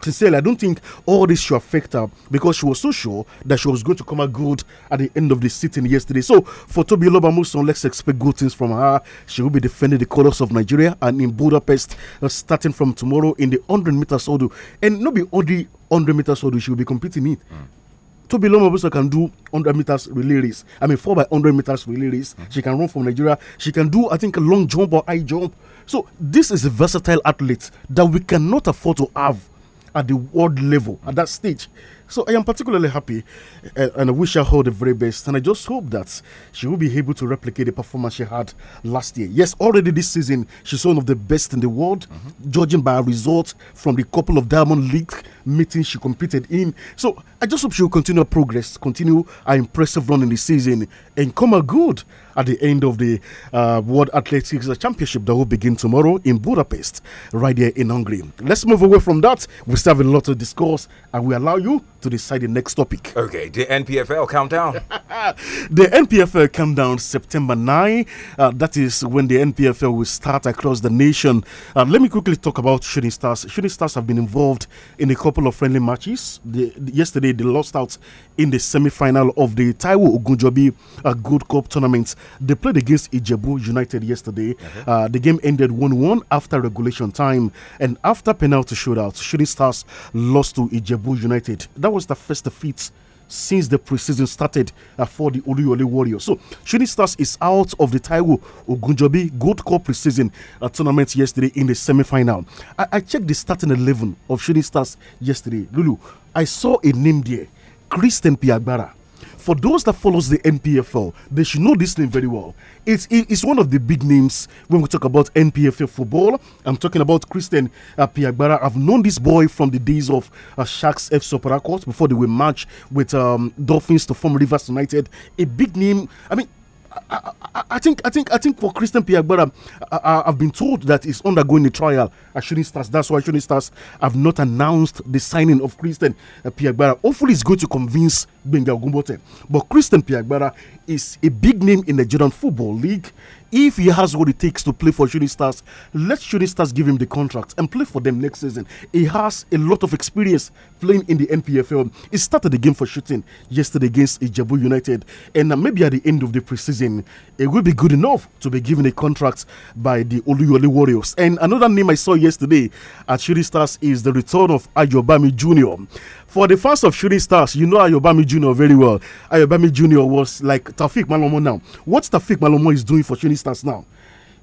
sincerely, I don't think all this should affect her because she was so sure that she was going to come out good at the end of the sitting yesterday. So for Toby Lobamuson, let's expect good things from her. She will be defending the colours of Nigeria and in Budapest uh, starting from tomorrow in the 100 meters hurdle. And not be only 100 meters hurdle, she will be competing in mm. Toby Lomobuso can do 100 meters relay race. I mean, 4 by 100 meters relay race. Mm -hmm. She can run from Nigeria. She can do, I think, a long jump or high jump. So this is a versatile athlete that we cannot afford to have at the world level, at that stage. So I am particularly happy eh, eh, and I wish her all the very best. And I just hope that she will be able to replicate the performance she had last year. Yes, already this season, she's one of the best in the world, mm -hmm. judging by her results from the couple of Diamond League meetings she competed in. So I just hope she will continue her progress, continue her impressive run in the season, and come out good at the end of the uh, World Athletics Championship that will begin tomorrow in Budapest, right here in Hungary. Let's move away from that. We still have a lot to discuss, and we allow you to decide the next topic. Okay, the NPFL countdown. [laughs] the NPFL countdown September 9. Uh, that is when the NPFL will start across the nation. Uh, let me quickly talk about Shooting Stars. Shooting Stars have been involved in a couple of friendly matches. The, yesterday, they lost out in the semi final of the Taiwo Ogunjobi uh, Good Cup tournament they played against Ijebu United yesterday. Uh-huh. Uh, the game ended 1 1 after regulation time and after penalty shootout. Shooting Stars lost to Ijebu United. That was the first defeat since the preseason started uh, for the Oluyole Warriors. So, Shooting Stars is out of the Taiwo Ogunjobi Gold Cup preseason uh, tournament yesterday in the semi final. I, I checked the starting 11 of Shooting Stars yesterday. Lulu, I saw a name there Christian Piagbara for those that follows the NPFL, they should know this name very well. It's it's one of the big names when we talk about NPFL football. I'm talking about Christian uh, Piagbara. I've known this boy from the days of uh, Sharks F Soparakot before they were matched with um, Dolphins to form Rivers United. A big name. I mean, I, I, think I think I think for Christian Piagbara, I, have been told that he's undergoing a trial I shouldn't start. That's why I shouldn't start. i have not announced the signing of Christian Pierre uh, Piagbara. Hopefully, it's going to convince Benga Gumbote. But Christian Piagbara is a big name in the Jordan Football League if he has what it takes to play for Shooting Stars, let Shooting Stars give him the contract and play for them next season. He has a lot of experience playing in the NPFL. He started the game for shooting yesterday against Ijebu United, and uh, maybe at the end of the preseason, it will be good enough to be given a contract by the Oluyole Warriors. And another name I saw yesterday at Shooting Stars is the return of Ayobami Jr. For the fans of shooting stars, you know Ayobami Jr. very well. Ayobami Jr. was like Tafik Malomo now. What Tafik Malomo is doing for shooting stars now,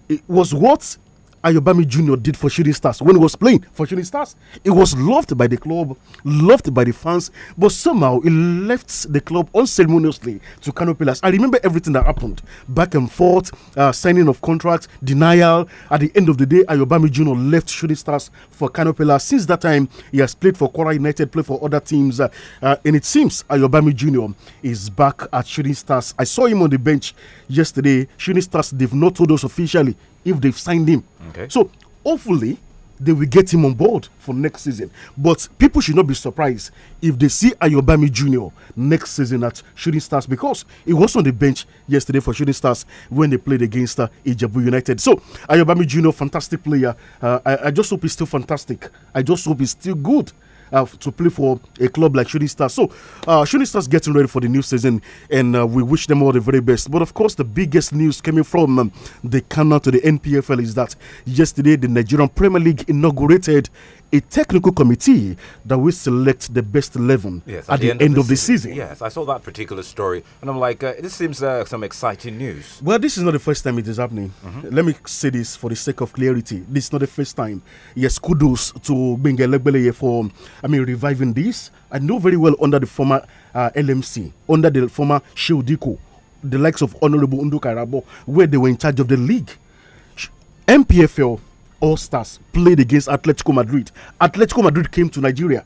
it was what Ayobami Jr. did for Shooting Stars when he was playing for Shooting Stars. He was loved by the club, loved by the fans, but somehow he left the club unceremoniously to Pillars. I remember everything that happened back and forth, uh, signing of contracts, denial. At the end of the day, Ayobami Jr. left Shooting Stars for Pillars. Since that time, he has played for Kora United, played for other teams, uh, uh, and it seems Ayobami Jr. is back at Shooting Stars. I saw him on the bench yesterday. Shooting Stars, they've not told us officially if they've signed him. Okay. So hopefully they will get him on board for next season. But people should not be surprised if they see Ayobami Jr. next season at Shooting Stars because he was on the bench yesterday for Shooting Stars when they played against uh, United. So Ayobami Jr. fantastic player. Uh, I, I, just hope he's still fantastic. I just hope he's still good uh, to play for a club like Shooting Stars. So, uh, Shooting Stars getting ready for the new season, and uh, we wish them all the very best. But of course, the biggest news coming from um, the canal to the NPFL is that yesterday the Nigerian Premier League inaugurated a technical committee that will select the best 11 yes, at, at, the, end, end of, the, of the season. season. Yes, I saw that particular story and I'm like, uh, this seems uh, some exciting news. Well, this is not the first time it is happening. Mm -hmm. Let me say this for the sake of clarity. This is not the first time. Yes, kudos to Bengelegbeleye for, I mean, reviving this. I know very well under the former uh, LMC, under the former Shildiko, the likes of Honorable Karabo, where they were in charge of the league. MPFL all Stars played against Atletico Madrid. Atletico Madrid came to Nigeria.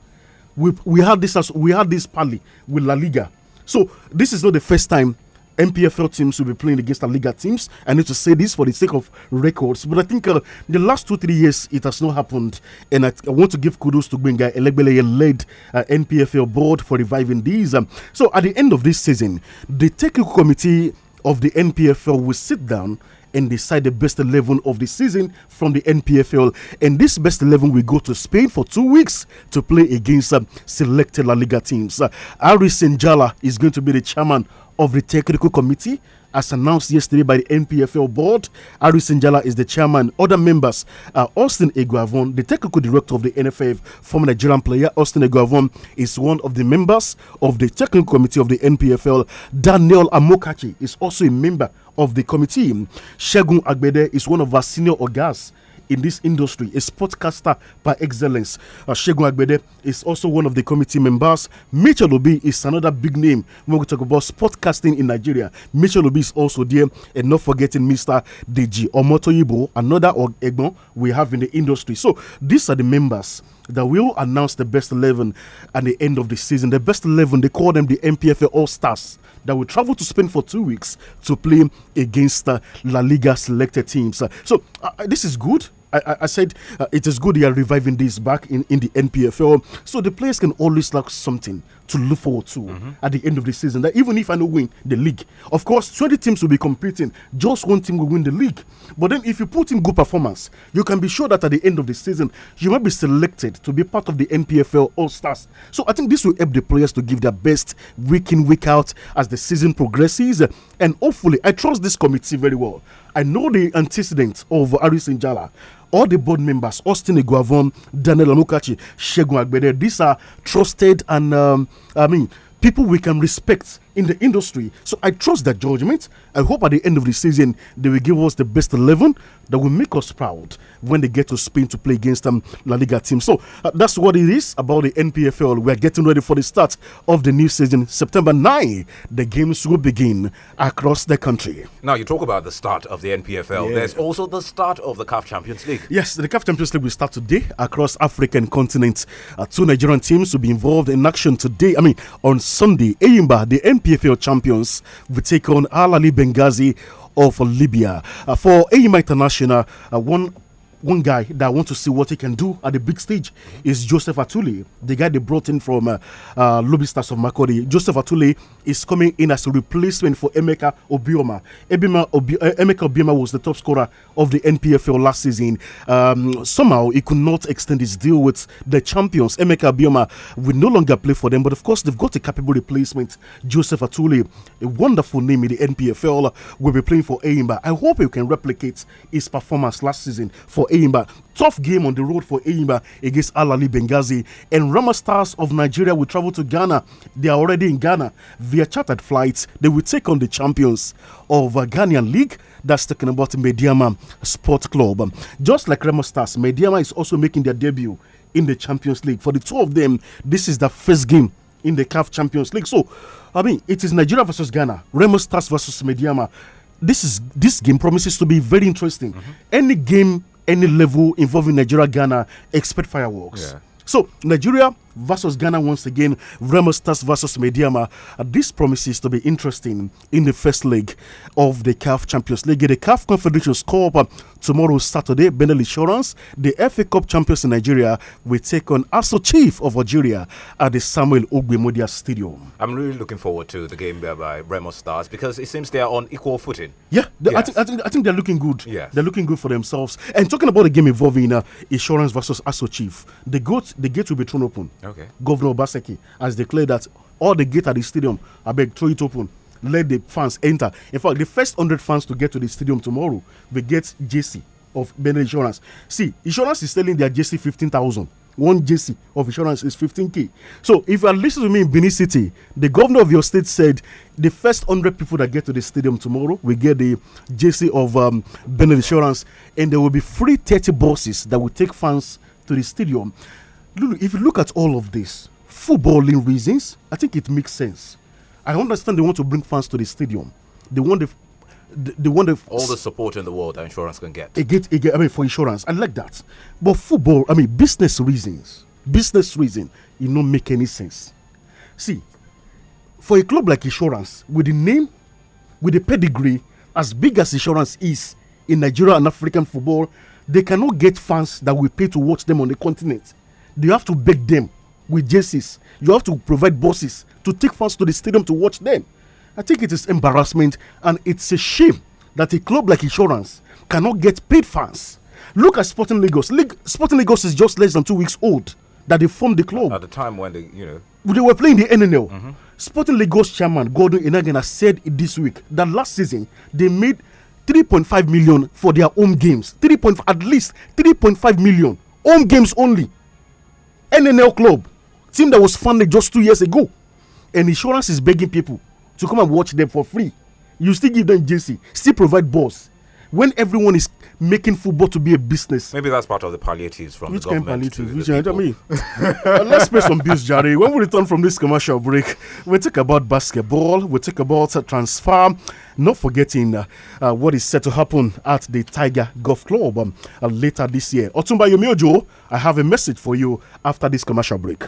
We, we had this as we had this pally with La Liga. So this is not the first time MPFL teams will be playing against the Liga teams. I need to say this for the sake of records, but I think uh, the last two three years it has not happened, and I, I want to give kudos to Benga Elegbeleye led uh, NPFL board for reviving these. Um, so at the end of this season, the technical committee of the NPFL will sit down and decide the best 11 of the season from the NPFL. And this best 11 will go to Spain for two weeks to play against uh, selected La Liga teams. Uh, Ari Senjala is going to be the chairman of the technical committee as announced yesterday by the NPFL board. Ari Sinjala is the chairman. Other members are Austin Eguavon, the technical director of the NFF, former Nigerian player. Austin Eguavon is one of the members of the technical committee of the NPFL. Daniel Amokachi is also a member of the committee. Shegun Agbede is one of our senior ogas in this industry, a sportcaster by excellence. Uh, Shegun Agbede is also one of the committee members. Mitchell Obi is another big name when we talk about sportcasting in Nigeria. Mitchell Obi is also there, and not forgetting Mr. DG Omotoyibo, another Egbon we have in the industry. So these are the members that will announce the best 11 at the end of the season. The best 11, they call them the MPFA All Stars, that will travel to Spain for two weeks to play against uh, La Liga selected teams. Uh, so uh, this is good. I, I said uh, it is good they are reviving this back in, in the NPFL. So the players can always lack something to look forward to mm -hmm. at the end of the season. That even if I don't win the league, of course, 20 teams will be competing. Just one team will win the league. But then if you put in good performance, you can be sure that at the end of the season, you might be selected to be part of the NPFL All Stars. So I think this will help the players to give their best week in, week out as the season progresses. And hopefully, I trust this committee very well. I know the antecedents of Aris Njala all the board members, Austin Iguavon, Daniel Amukachi, Shegun Agbede, these are trusted and, um, I mean, people we can respect in the industry. So I trust their judgment. I hope at the end of the season they will give us the best 11 that will make us proud when they get to Spain to play against um, La Liga team. So uh, that's what it is about the NPFL. We're getting ready for the start of the new season. September 9, the games will begin across the country. Now, you talk about the start of the NPFL. Yeah. There's also the start of the CAF Champions League. Yes, the CAF Champions League will start today across African continent. Uh, two Nigerian teams will be involved in action today. I mean, on Sunday, Eyimba, the NPFL PFL champions will take on Al Ali Benghazi of Libya. Uh, for AIMA International, uh, one one guy that wants to see what he can do at the big stage is Joseph Atuli, the guy they brought in from uh, uh, Lobby Stars of Makodi. Joseph Atuli is coming in as a replacement for Emeka Obioma. Ebima Obi uh, Emeka Obioma was the top scorer of the NPFL last season. Um, somehow, he could not extend his deal with the champions. Emeka Obioma will no longer play for them, but of course, they've got a capable replacement. Joseph Atuli, a wonderful name in the NPFL, will be playing for Aimba. I hope he can replicate his performance last season for Eimba. Tough game on the road for Eimba against Alali Benghazi. And Rama Stars of Nigeria will travel to Ghana. They are already in Ghana via chartered flights. They will take on the champions of uh, Ghanaian League. That's talking about Mediama Sport Club. just like Rama Stars, Mediama is also making their debut in the Champions League. For the two of them, this is the first game in the CAF Champions League. So, I mean, it is Nigeria versus Ghana, Remo Stars versus Mediama. This is this game promises to be very interesting. Mm -hmm. Any game any level involving Nigeria Ghana, expect fireworks. Yeah. So Nigeria versus Ghana once again. Remo Stars versus Mediama. Uh, this promises to be interesting in the first leg of the CAF Champions League. The CAF Confederations Cup uh, tomorrow, Saturday. Benel Insurance, the FA Cup champions in Nigeria, will take on ASO Chief of Algeria at the Samuel Ogbemodia Stadium. I'm really looking forward to the game there by Remo Stars because it seems they are on equal footing. Yeah, yes. I, think, I, think, I think they're looking good. Yes. They're looking good for themselves. And talking about the game involving uh, Insurance versus ASO Chief, the, goat, the gate will be thrown open. Okay. Governor Obaseki has declared that all the gate at the stadium, I beg, throw it open. Let the fans enter. In fact, the first 100 fans to get to the stadium tomorrow, they get JC of Benin Insurance. See, insurance is selling their JC 15,000. One JC of insurance is 15K. So if you are listening to me in Benin City, the governor of your state said the first 100 people that get to the stadium tomorrow will get the JC of um, Benin Insurance and there will be free 30 buses that will take fans to the stadium. Lulu, if you look at all of this, footballing reasons, I think it makes sense. I understand they want to bring fans to the stadium. They want the they want the all the support in the world that insurance can get. Again, again, I mean for insurance, I like that. But football, I mean business reasons, business reason, it don't make any sense. See, for a club like insurance, with the name, with the pedigree, as big as insurance is in Nigeria and African football, they cannot get fans that will pay to watch them on the continent you have to beg them with jerseys. You have to provide buses to take fans to the stadium to watch them. I think it is embarrassment and it's a shame that a club like Insurance cannot get paid fans. Look at Sporting Lagos. Sporting Lagos is just less than two weeks old that they formed the club. At the time when they, you know, they were playing the NNL. Mm -hmm. Sporting Lagos chairman Gordon Enagena said this week that last season they made 3.5 million for their home games. 3.5 at least 3.5 million home games only NNL Club, team that was founded just two years ago, and insurance is begging people to come and watch them for free. You still give them JC, still provide balls, when everyone is making football to be a business. Maybe that's part of the palliatives from which the government. Kind palliatives? Which I mean, [laughs] uh, let's pay some bills, Jerry. When we return from this commercial break, we talk about basketball, we talk about uh, transfer, not forgetting uh, uh, what is set to happen at the Tiger Golf Club um, uh, later this year. Otumba Yomiojo, I have a message for you after this commercial break.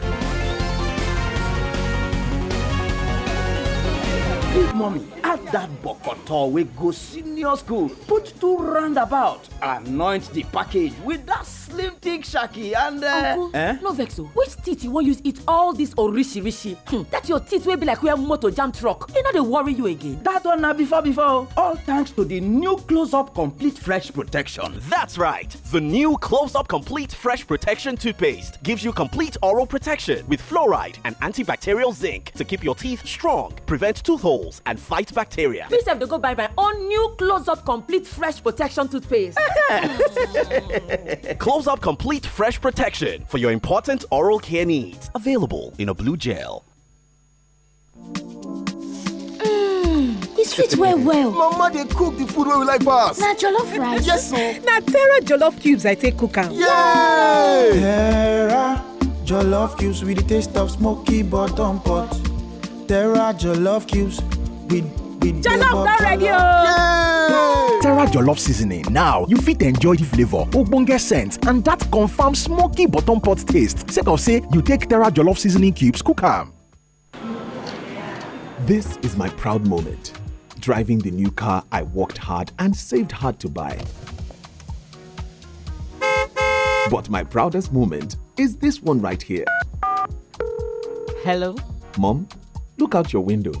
mummy add dat bokoto wey go senior school put two roundabout anoint the package with that slim thick shaki and uh, uncle eh? no vex o which teeth you wan use eat all this orishirishi hmm That your teeth wey be like where motor jam truck e no dey worry you again That one na before before all thanks to the new close up complete fresh protection that's right the new close up complete fresh protection toothpaste gives you complete oral protection with fluoride and antibacterial zinc to keep your teeth strong prevent tooth holes and and fight bacteria. Please have to go buy my own new Close Up Complete Fresh Protection toothpaste. [laughs] Close Up Complete Fresh Protection for your important oral care needs. Available in a blue gel. e mm, sweet well well [laughs] mama dey cook the food wey we like pass na jollof rice yes o na terra jollof cubes i take cook am yay terra jollof cubes with the taste of smoky bottom pot terra jollof cubes with with jollof don ready o. Oh. Yeah. terra jollof seasoning now you fit enjoy the flavour ogbonge scent and that confirms smoky bottom pot taste sake of say you take terra jollof seasoning cubes cook am. This is my proud moment. Driving the new car I worked hard and saved hard to buy. But my proudest moment is this one right here. Hello? Mom, look out your window.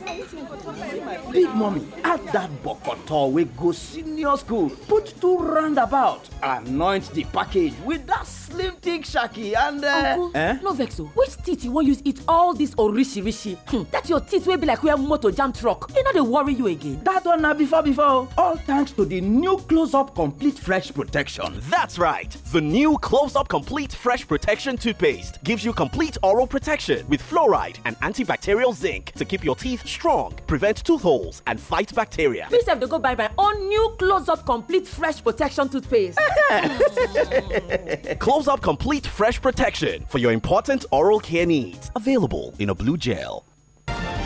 我们一起做准 big mommy add that bokoto we go senior school put two roundabout anoint the package with that slim thick shaki and uh, uncle eh? no vexo. which teeth you wan use eat all this orishi hmm That your teeth will be like have motor jam truck You no they worry you again That one na before before all thanks to the new close up complete fresh protection that's right the new close up complete fresh protection toothpaste gives you complete oral protection with fluoride and antibacterial zinc to keep your teeth strong prevent tooth holes and fight bacteria. Me have dey go buy my own new Close Up Complete Fresh Protection toothpaste. [laughs] Close Up Complete Fresh Protection for your important oral care needs. Available in a blue gel. [laughs]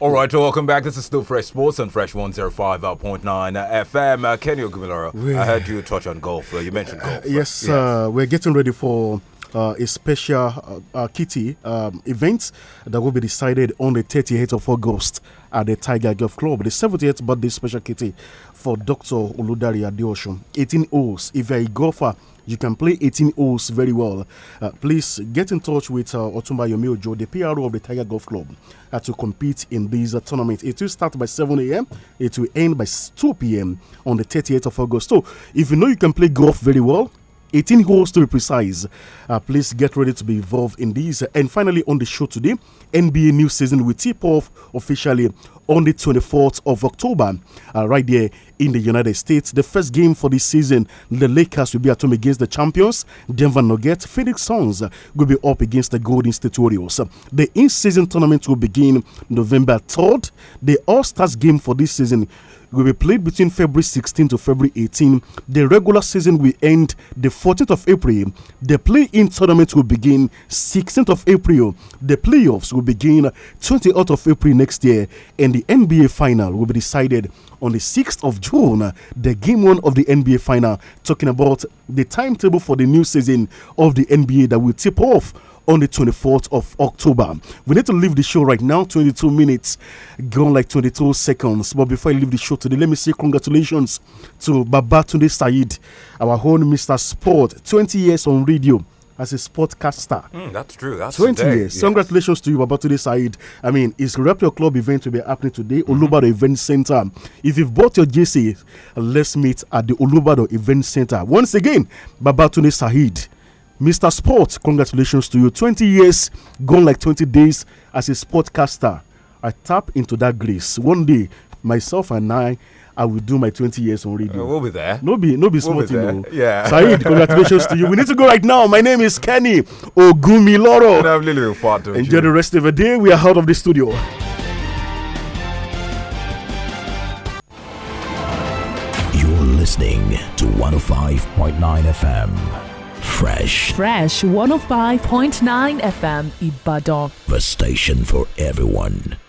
All right, welcome back. This is still Fresh Sports on Fresh 105.9 FM. Uh, Kenny Ogumiloro, I heard you touch on golf. Uh, you mentioned golf. Uh, yes, yes. Uh, we're getting ready for uh, a special uh, uh, kitty um, event that will be decided on the 38th of August at the Tiger Golf Club. The 78th birthday special kitty for Dr. Oludari Adeosun. 18 holes. If you're a golfer, you can play 18 holes very well. Uh, please get in touch with uh, Otumba Yomi Ojo, the PRO of the Tiger Golf Club, uh, to compete in this uh, tournament. It will start by 7 a.m., it will end by 2 p.m. on the 38th of August. So, if you know you can play golf very well, 18 holes to be precise. Uh, please get ready to be involved in these. And finally, on the show today, NBA new season will tip off officially on the 24th of October, uh, right there in the United States. The first game for this season, the Lakers will be at home against the champions, Denver Nuggets. Phoenix Suns will be up against the Golden State Warriors. The in-season tournament will begin November 3rd. The All-Stars game for this season will be played between February 16 to February 18. The regular season will end the 14th of April. The play-in tournament will begin 16th of April. The playoffs will begin 28th of April next year, and the NBA final will be decided on the 6th of June. The game one of the NBA final, talking about the timetable for the new season of the NBA that will tip off on the 24th of October. We need to leave the show right now, 22 minutes gone like 22 seconds. But before I leave the show today, let me say congratulations to Babatunde Said, our own Mr. Sport, 20 years on radio as a sportcaster. Mm, that's true. That's 20 years. Yes. congratulations to you about today, Said. I mean, it's Rep Your Club event will be happening today, mm -hmm. Olubado Event Center. If you've bought your JC, let's meet at the Olubado Event Center. Once again, Babatunde Said Mr. Sport, congratulations to you. 20 years gone like 20 days as a sportcaster. I tap into that grace. One day, myself and I, I will do my 20 years on radio. Uh, we'll be there. No be, no be we'll smart, you know. Yeah. [laughs] Saeed, congratulations to you. We need to go right now. My name is Kenny Ogumiloro. And I'm Lily Ufato. Enjoy you. the rest of the day. We are out of the studio. You're listening to 105.9 FM. Fresh. Fresh 105.9 FM Ibadan. The station for everyone.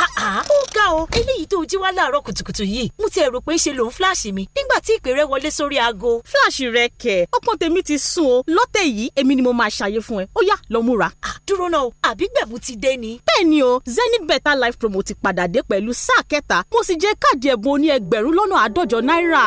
àá ah, ah, ó ga ọ eléyìí tó jí wá láàárọ̀ kùtùkùtù yìí mo ti rò pé ṣe lòun fíláàṣì mi nígbà tí ìpè rẹ wọlé sórí aago. fíláàṣì rẹ kẹ ọpọ́n tèmi ti sùn o lọ́tẹ̀ yìí èmi ni mo máa ṣàyè fún ẹ ó yá lọ múra. Ah, dúró náà àbí gbẹ̀bù ti dé ni. bẹ́ẹ̀ o zenith better life promo ti padà dé pẹ̀lú sáà kẹta mo sì jẹ káàdì ẹ̀bùn oní ẹgbẹ̀rún lọ́nà àádọ́jọ náírà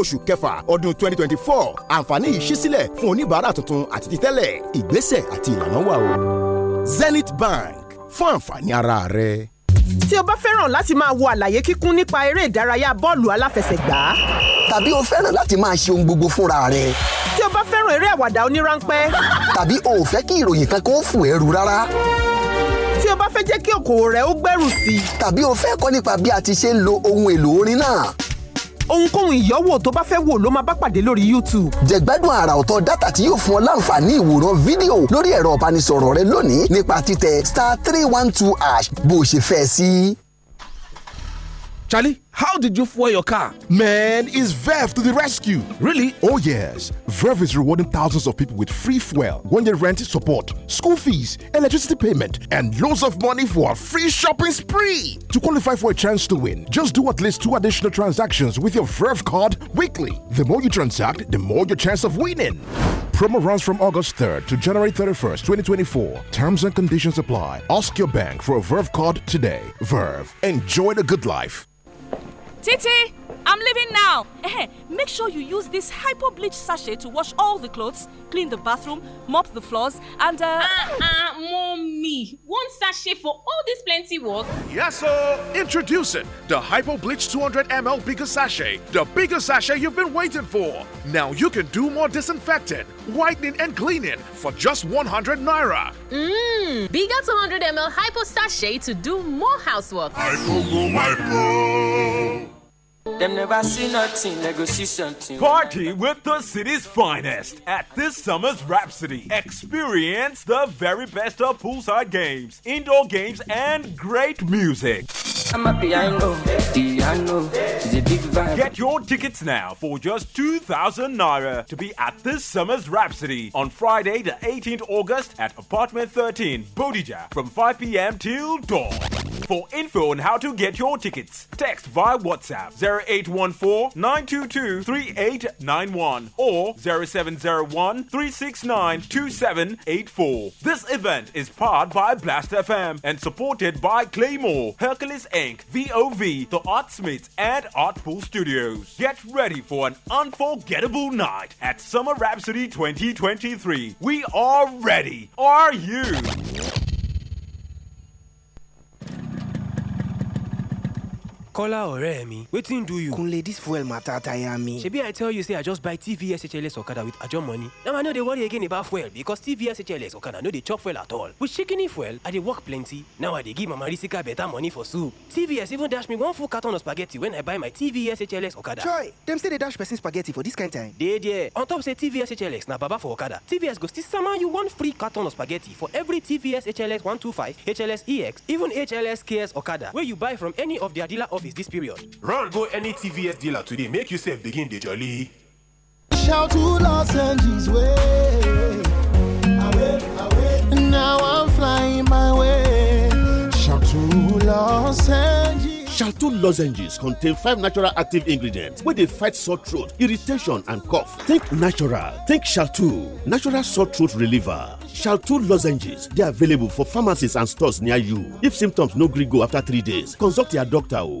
oṣù kẹfà ọdún 2024 àǹfààní yìí ṣí sílẹ̀ fún oníbàárà tuntun àti títẹ́lẹ̀ ìgbésẹ̀ àti ìlànà wà o Zenith Bank fún àǹfààní ara rẹ. tí o bá fẹ́ràn láti máa wo àlàyé kíkún nípa eré ìdárayá bọ́ọ̀lù aláfẹsẹ̀gbá. tàbí o fẹ́ràn láti máa ṣe ohun gbogbo fúnra rẹ. tí o bá fẹ́ràn eré àwàdà oníránpẹ́. tàbí o ò fẹ́ kí ìròyìn kan kó fò ẹrù rárá. tí o bá fẹ́ jẹ́ kí okòwò rẹ ó gbèrú sí tàbí o fẹ́ kọ́ nípa bí a ti ṣe ń lo ohun èlò orin náà ohunkóhun ìyọ́wò tó bá fẹ́ wò ló máa bá pàdé lórí YouTube. jẹ̀gbádùn àrà ọ̀tọ̀ dátà tí yóò fún ọ láǹfààní ìwòran fídíò lórí ẹ̀rọ ìbánisọ̀rọ̀ rẹ lónìí nípa títẹ star three one two h bó o ṣe fẹ́ sí. Charlie How did you fuel your car? Man, is Verve to the rescue. Really? Oh, yes. Verve is rewarding thousands of people with free fuel, one year rent support, school fees, electricity payment, and loads of money for a free shopping spree. To qualify for a chance to win, just do at least two additional transactions with your Verve card weekly. The more you transact, the more your chance of winning. Promo runs from August 3rd to January 31st, 2024. Terms and conditions apply. Ask your bank for a Verve card today. Verve, enjoy the good life. Titi, I'm leaving now. Make sure you use this hypo bleach sachet to wash all the clothes, clean the bathroom, mop the floors, and uh. Uh-uh, mom. me one sachet for all this plenty work? Yes, sir. Introducing the Hypo Bleach 200 ml bigger sachet, the bigger sachet you've been waiting for. Now you can do more disinfecting, whitening, and cleaning for just 100 naira. Mmm, bigger 200 ml Hypo sachet to do more housework. Hypo, go, hypo. Them never see nothing, they go something. Party with the city's finest at this summer's Rhapsody. Experience the very best of poolside games, indoor games, and great music. I'm a piano, piano, a big vibe. Get your tickets now for just 2,000 naira to be at this summer's Rhapsody on Friday, the 18th August at Apartment 13, Bodija, from 5 pm till dawn. For info on how to get your tickets, text via WhatsApp 0 814 922 3891 or 0701 369 2784. This event is powered by Blast FM and supported by Claymore, Hercules Inc., VOV, The Artsmiths, and Artpool Studios. Get ready for an unforgettable night at Summer Rhapsody 2023. We are ready. Are you? Kola ọ̀rẹ́ mi, wetin do you? Kunle dis fuel matter tire me. Shebi I tell you say I just buy TVS HLS Okada with Ajo money. Now I no dey worry again about fuel because TVS HLS Okada no dey chop fuel at all. With shikini fuel, I dey work plenty. Now I dey give Mama Risika better money for soup. TVS even dash me one full carton of spaghetti when I buy my TVS HLS Okada. Choi, dem say dey dash person spaghetti for dis kind time. Dey there. On top say TVS HLS na baba for Okada. TVS go still sama you one free carton of spaghetti for every TVS HLS 125, HLS EX, even HLS KS Okada wey you buy from any of their dealer office this period. Run go any TVS dealer today, make yourself begin the jolly. Shout to Los Angeles way. Away, away. Now I'm flying my way. Shout to Los Angeles. shalto lozenges contain five natural active ingredients wey dey fight sore throat irritation and cough think natural think shalto natural sore throat reliever shalto lozenges dey available for pharmacies and stores near you if symptoms no gree go after three days consult your doctor o.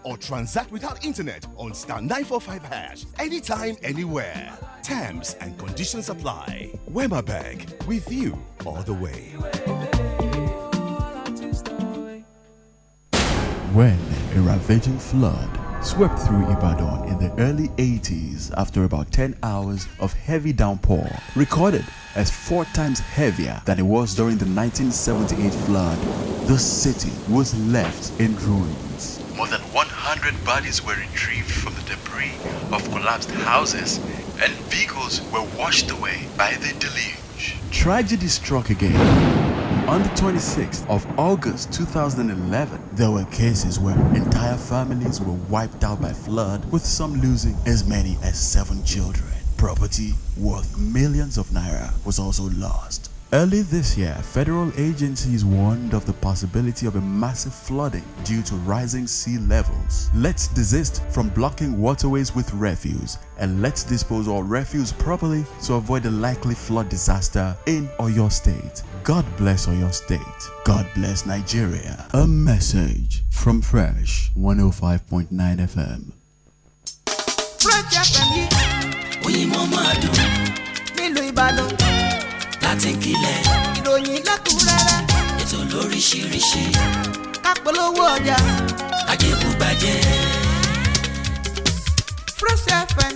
or transact without internet on star 945 hash anytime, anywhere. Terms and conditions apply. Wema Bank with you all the way. When a ravaging flood swept through Ibadan in the early 80s after about 10 hours of heavy downpour, recorded as four times heavier than it was during the 1978 flood, the city was left in ruins. More than 100 100 bodies were retrieved from the debris of collapsed houses, and vehicles were washed away by the deluge. Tragedy struck again. On the 26th of August 2011, there were cases where entire families were wiped out by flood, with some losing as many as seven children. Property worth millions of naira was also lost. Early this year, federal agencies warned of the possibility of a massive flooding due to rising sea levels. Let's desist from blocking waterways with refuse and let's dispose all refuse properly to avoid a likely flood disaster in Oyo State. God bless Oyo State. God bless Nigeria. A message from Fresh 105.9 FM. Fresh FM láti ìròyìn lẹ́kùnrẹ́rẹ́. ètò lóríṣiríṣi. kápolówó ọjà. ajẹ́kùgbàjẹ́. Fresh FM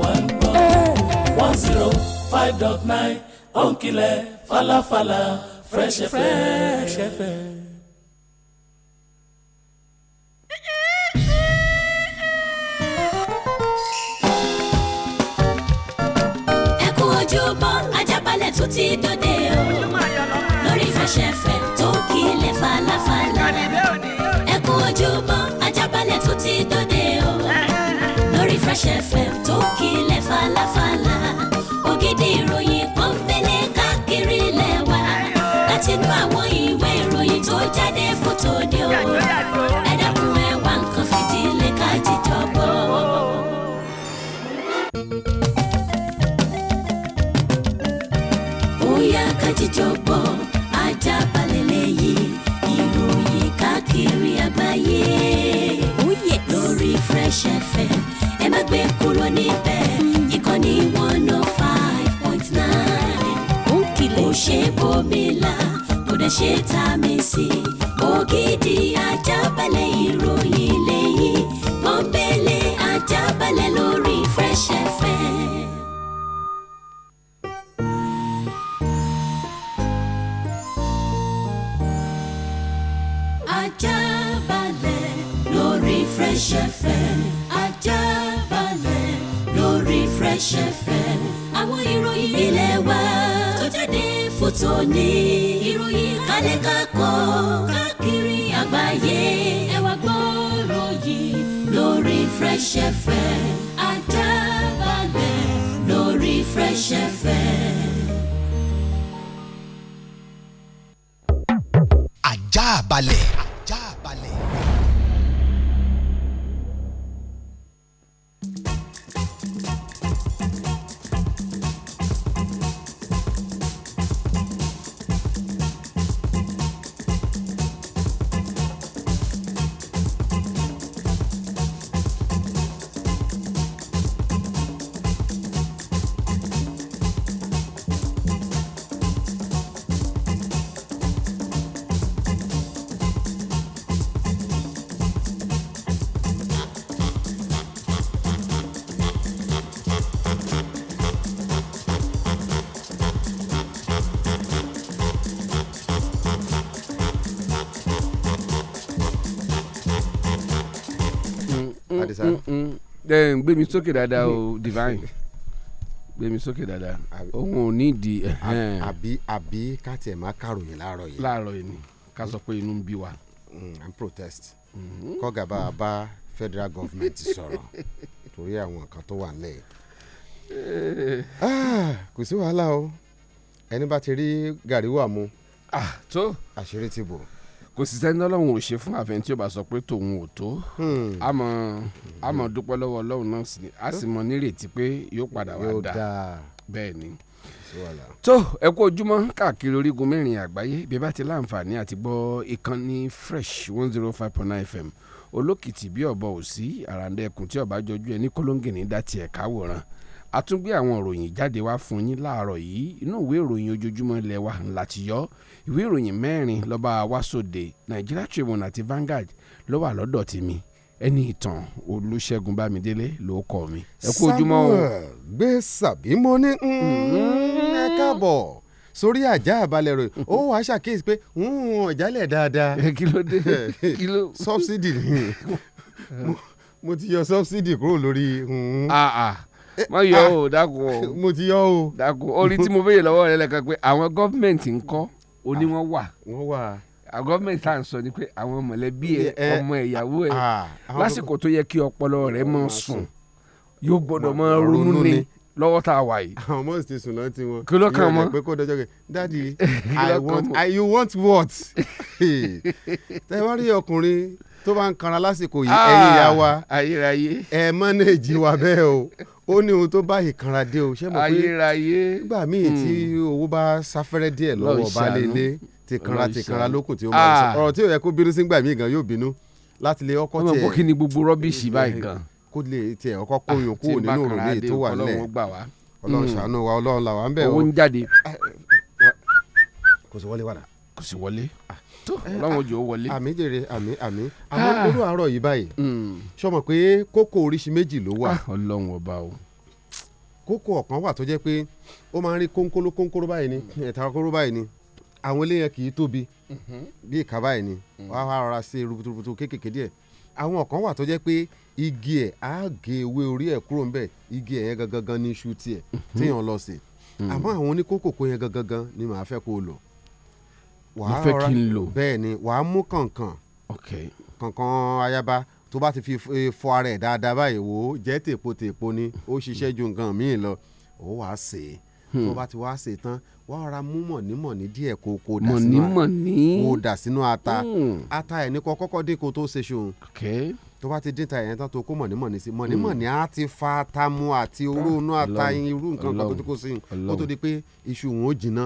one zero five dot nine òǹkìlẹ̀ falafala fresh fm. Fresh FM tó kílẹ̀ falafala ògidì ìròyìn kan fẹlẹ̀ káàkiri lẹ́wà láti inú àwọn ìwé ìròyìn tó jáde fótó ni o ẹ dákun ẹ wá nǹkan fìdílé ká jíjọ gbọ́. bóyá ká jíjọ gbọ́ ajá balẹ̀ lẹ́yìn ìròyìn káàkiri àgbáyé oh lórí Fresh FM gbé kúrò níbẹ̀ ìkànnì one oh five point nine. ó kìlẹ̀ kò ṣe bòmílà kò ṣe tá mi sí. ògidì ajábalẹ̀ ìròyìn lẹ́yìn pọ́npẹ́lẹ́ ajábalẹ̀ lórí Fresh FM. ajábalẹ̀ lórí Fresh FM. Fresh FM àwọn ìròyìn ilé wa tó jáde fún ìròyìn kálẹ̀ kakọ́ káàkiri àgbáyé ẹ wá gbọ́rọ̀ yìí lórí Fresh FM àdábàgbẹ̀ lórí Fresh FM. àjà balẹ̀. sá. Mm, mm. eh, gbé mi sókè dáadáa o divine gbé mi sókè dáadáa òun ò ní ìdí. Eh, eh. àbí àbí ká tiẹ̀ máa kàròyìn láàárọ̀ yìí. láàárọ̀ yìí ni ká sọ pé inú ń bí wa. and mm, protest mm-hmm. kọ́gà bá a bá federal government sọ̀rọ̀ torí àwọn nǹkan tó wà nílẹ̀ ah, kò sí wàhálà o ẹni bá ti rí gàrí wà mu ah, àṣírí ti bò kò sì sẹ́ni ọlọ́run ò ṣe fún àfẹ́ntí ó bá sọ pé tòun ò tó àmọ́ hmm. àmọ́ dúpẹ́ lọ́wọ́ ọlọ́run náà sì ni a sì mọ nírètí pé yóò padà wá dáa bẹ́ẹ̀ ni. tó ẹ kú ojúmọ́ káàkiri orígun mẹ́rin àgbáyé bí ẹ bá ti láǹfààní àti gbọ́ ìkànnì fresh one zero oh five point nine fm olókìtì bí ọ̀bọ òsì àràǹdẹ̀kùn tí ọ̀bá jọjú ẹ ní kọ́lóńgìní dá tiẹ̀ káwòrán a tún gbé àwọn ìròyìn jáde wá fún yín láàárọ̀ yìí inú ìwé ìròyìn ojoojúmọ́ ilẹ̀ wa ńlá ti yọ ìwé ìròyìn mẹ́rin ló bá wa sóde Nigeria Tribune àti Vanguard ló wà lọ́dọ̀ tèmi ẹni ìtàn Olúṣẹ́gun Bámidélé ló kọ mi. ẹ kú o. Samuel gbé sàbímọ ní mm-hmm. ẹ káàbọ̀ sórí àjà àbálẹ̀ rẹ̀ ó wá ṣàkíyèsí pé ọ̀jálẹ̀ dáadáa. [laughs] kí ló dé [laughs] kí ló. subsidy [laughs] mo ti yọ subsidy kúrò lórí. Mm-hmm. Ah, ah. Eh, mọ yọ ah, o dákun o mo ti yọ o dákun orí tí mo béèrè lọ́wọ́ rẹ lẹ́ẹ̀kan pé àwọn gọ́fìmẹ̀ntì ń kọ́ o ní ah, wọ́n wà wọ́n wà gọ́fìmẹ̀ntì à ń sọ ni pé àwọn mọ̀lẹ́bí ẹ ọmọ ìyàwó ẹ ah, lásìkò tó yẹ kí ọpọlọ rẹ mọ sùn yóò gbọ́dọ̀ mọ ronú ni lọ́wọ́ tá a wà àwọn ọmọ ìsìn sùn náà ti wọn. kí ló kàn mọ́. pé kó dọjọ́ kẹ dadi [laughs] i want you want what. [laughs] tẹ wá rí ọkùnrin tó bá ń kanra lásìkò yìí ẹ̀yin ìyá wa ẹ mọ́nẹ́ẹ̀jì wa bẹ́ẹ̀ o [laughs] ó ní ohun tó bá ìkanra dé o ṣé mo pé nígbà míì tí hmm. owó bá sáfẹ́rẹ́ díẹ̀ lọ́wọ́ baálé ilé tìkanra tìkanra lókùn tí ó máa ń sọ ah. ọ̀rọ̀ tí ò yẹ kó bínú sí míì gan yóò bínú láti lè ọkọ tiẹ̀. ọmọ kí ni gbogbo rọ́bìṣì eh, báyìí gan. kó lè tiẹ̀ ọkọ kóyún ah, kúrò nínú òrùlé tó wà lẹ̀ ọlọ́run hmm. ṣàánú wa ọlọ́run làwọn bẹ̀ o. jáde. kò sí wọlé wàdà. kò sí wọlé. Ah tó ọlọ́run ojú ó wọlé. àmì jèrè àmì àmì ah. àmọ́ irú àárọ̀ yìí báyìí sọmọ hmm. pé kókó oríṣi méjì ló wà. Ah, ọlọ́run ọba o. kókó ọ̀kan wà tó jẹ́ pé ó máa ń rí kónkóró kónkóró báyìí ni hmm. ẹ̀ta kónkóró báyìí ni àwọn eléyàn kì í tóbi hmm. bí ìka báyìí ni wàá wá ara ṣe rubuturubutu kéékèèké díẹ̀ àwọn kan wà tó jẹ́ pé igi ẹ̀ á gé ewé orí ẹ̀ kúrò ńbẹ̀ igi ẹ̀ yẹn gangan ni iṣu tiẹ̀ téèyàn lọ sí àmọ́ àwọn oníkókòkò yẹn gangan ni màá fẹ́ kó o lò wàá fẹ́ kí n lò bẹ́ẹ̀ ni wàá mú kànkàn kànkàn ayaba tó bá ti fi eh, fọ ara ẹ̀ dáadáa báyìí wò ó jẹ́ tèpo tèpo ni ó ṣiṣẹ́ ju nǹkan míì lọ ó wàá sè é hmm. tó bá ti wàá sè é tán wàá ra mú mọ̀nímọ̀ní díẹ̀ kó kó dà sínú kó dà sínú ata hmm. ata ẹ̀ ní kọ́ kọ́kọ́ dín kó tó ṣe ṣòun tó bá ti dín ta ẹ̀yẹn tán tó kó mọ̀nímọ̀ní sí hmm. mọ̀nímọ̀ní á ti fa ata mu àti oró inú ata irú nǹkan kan tó ti kó sí i tó di pé iṣu òun ó jinná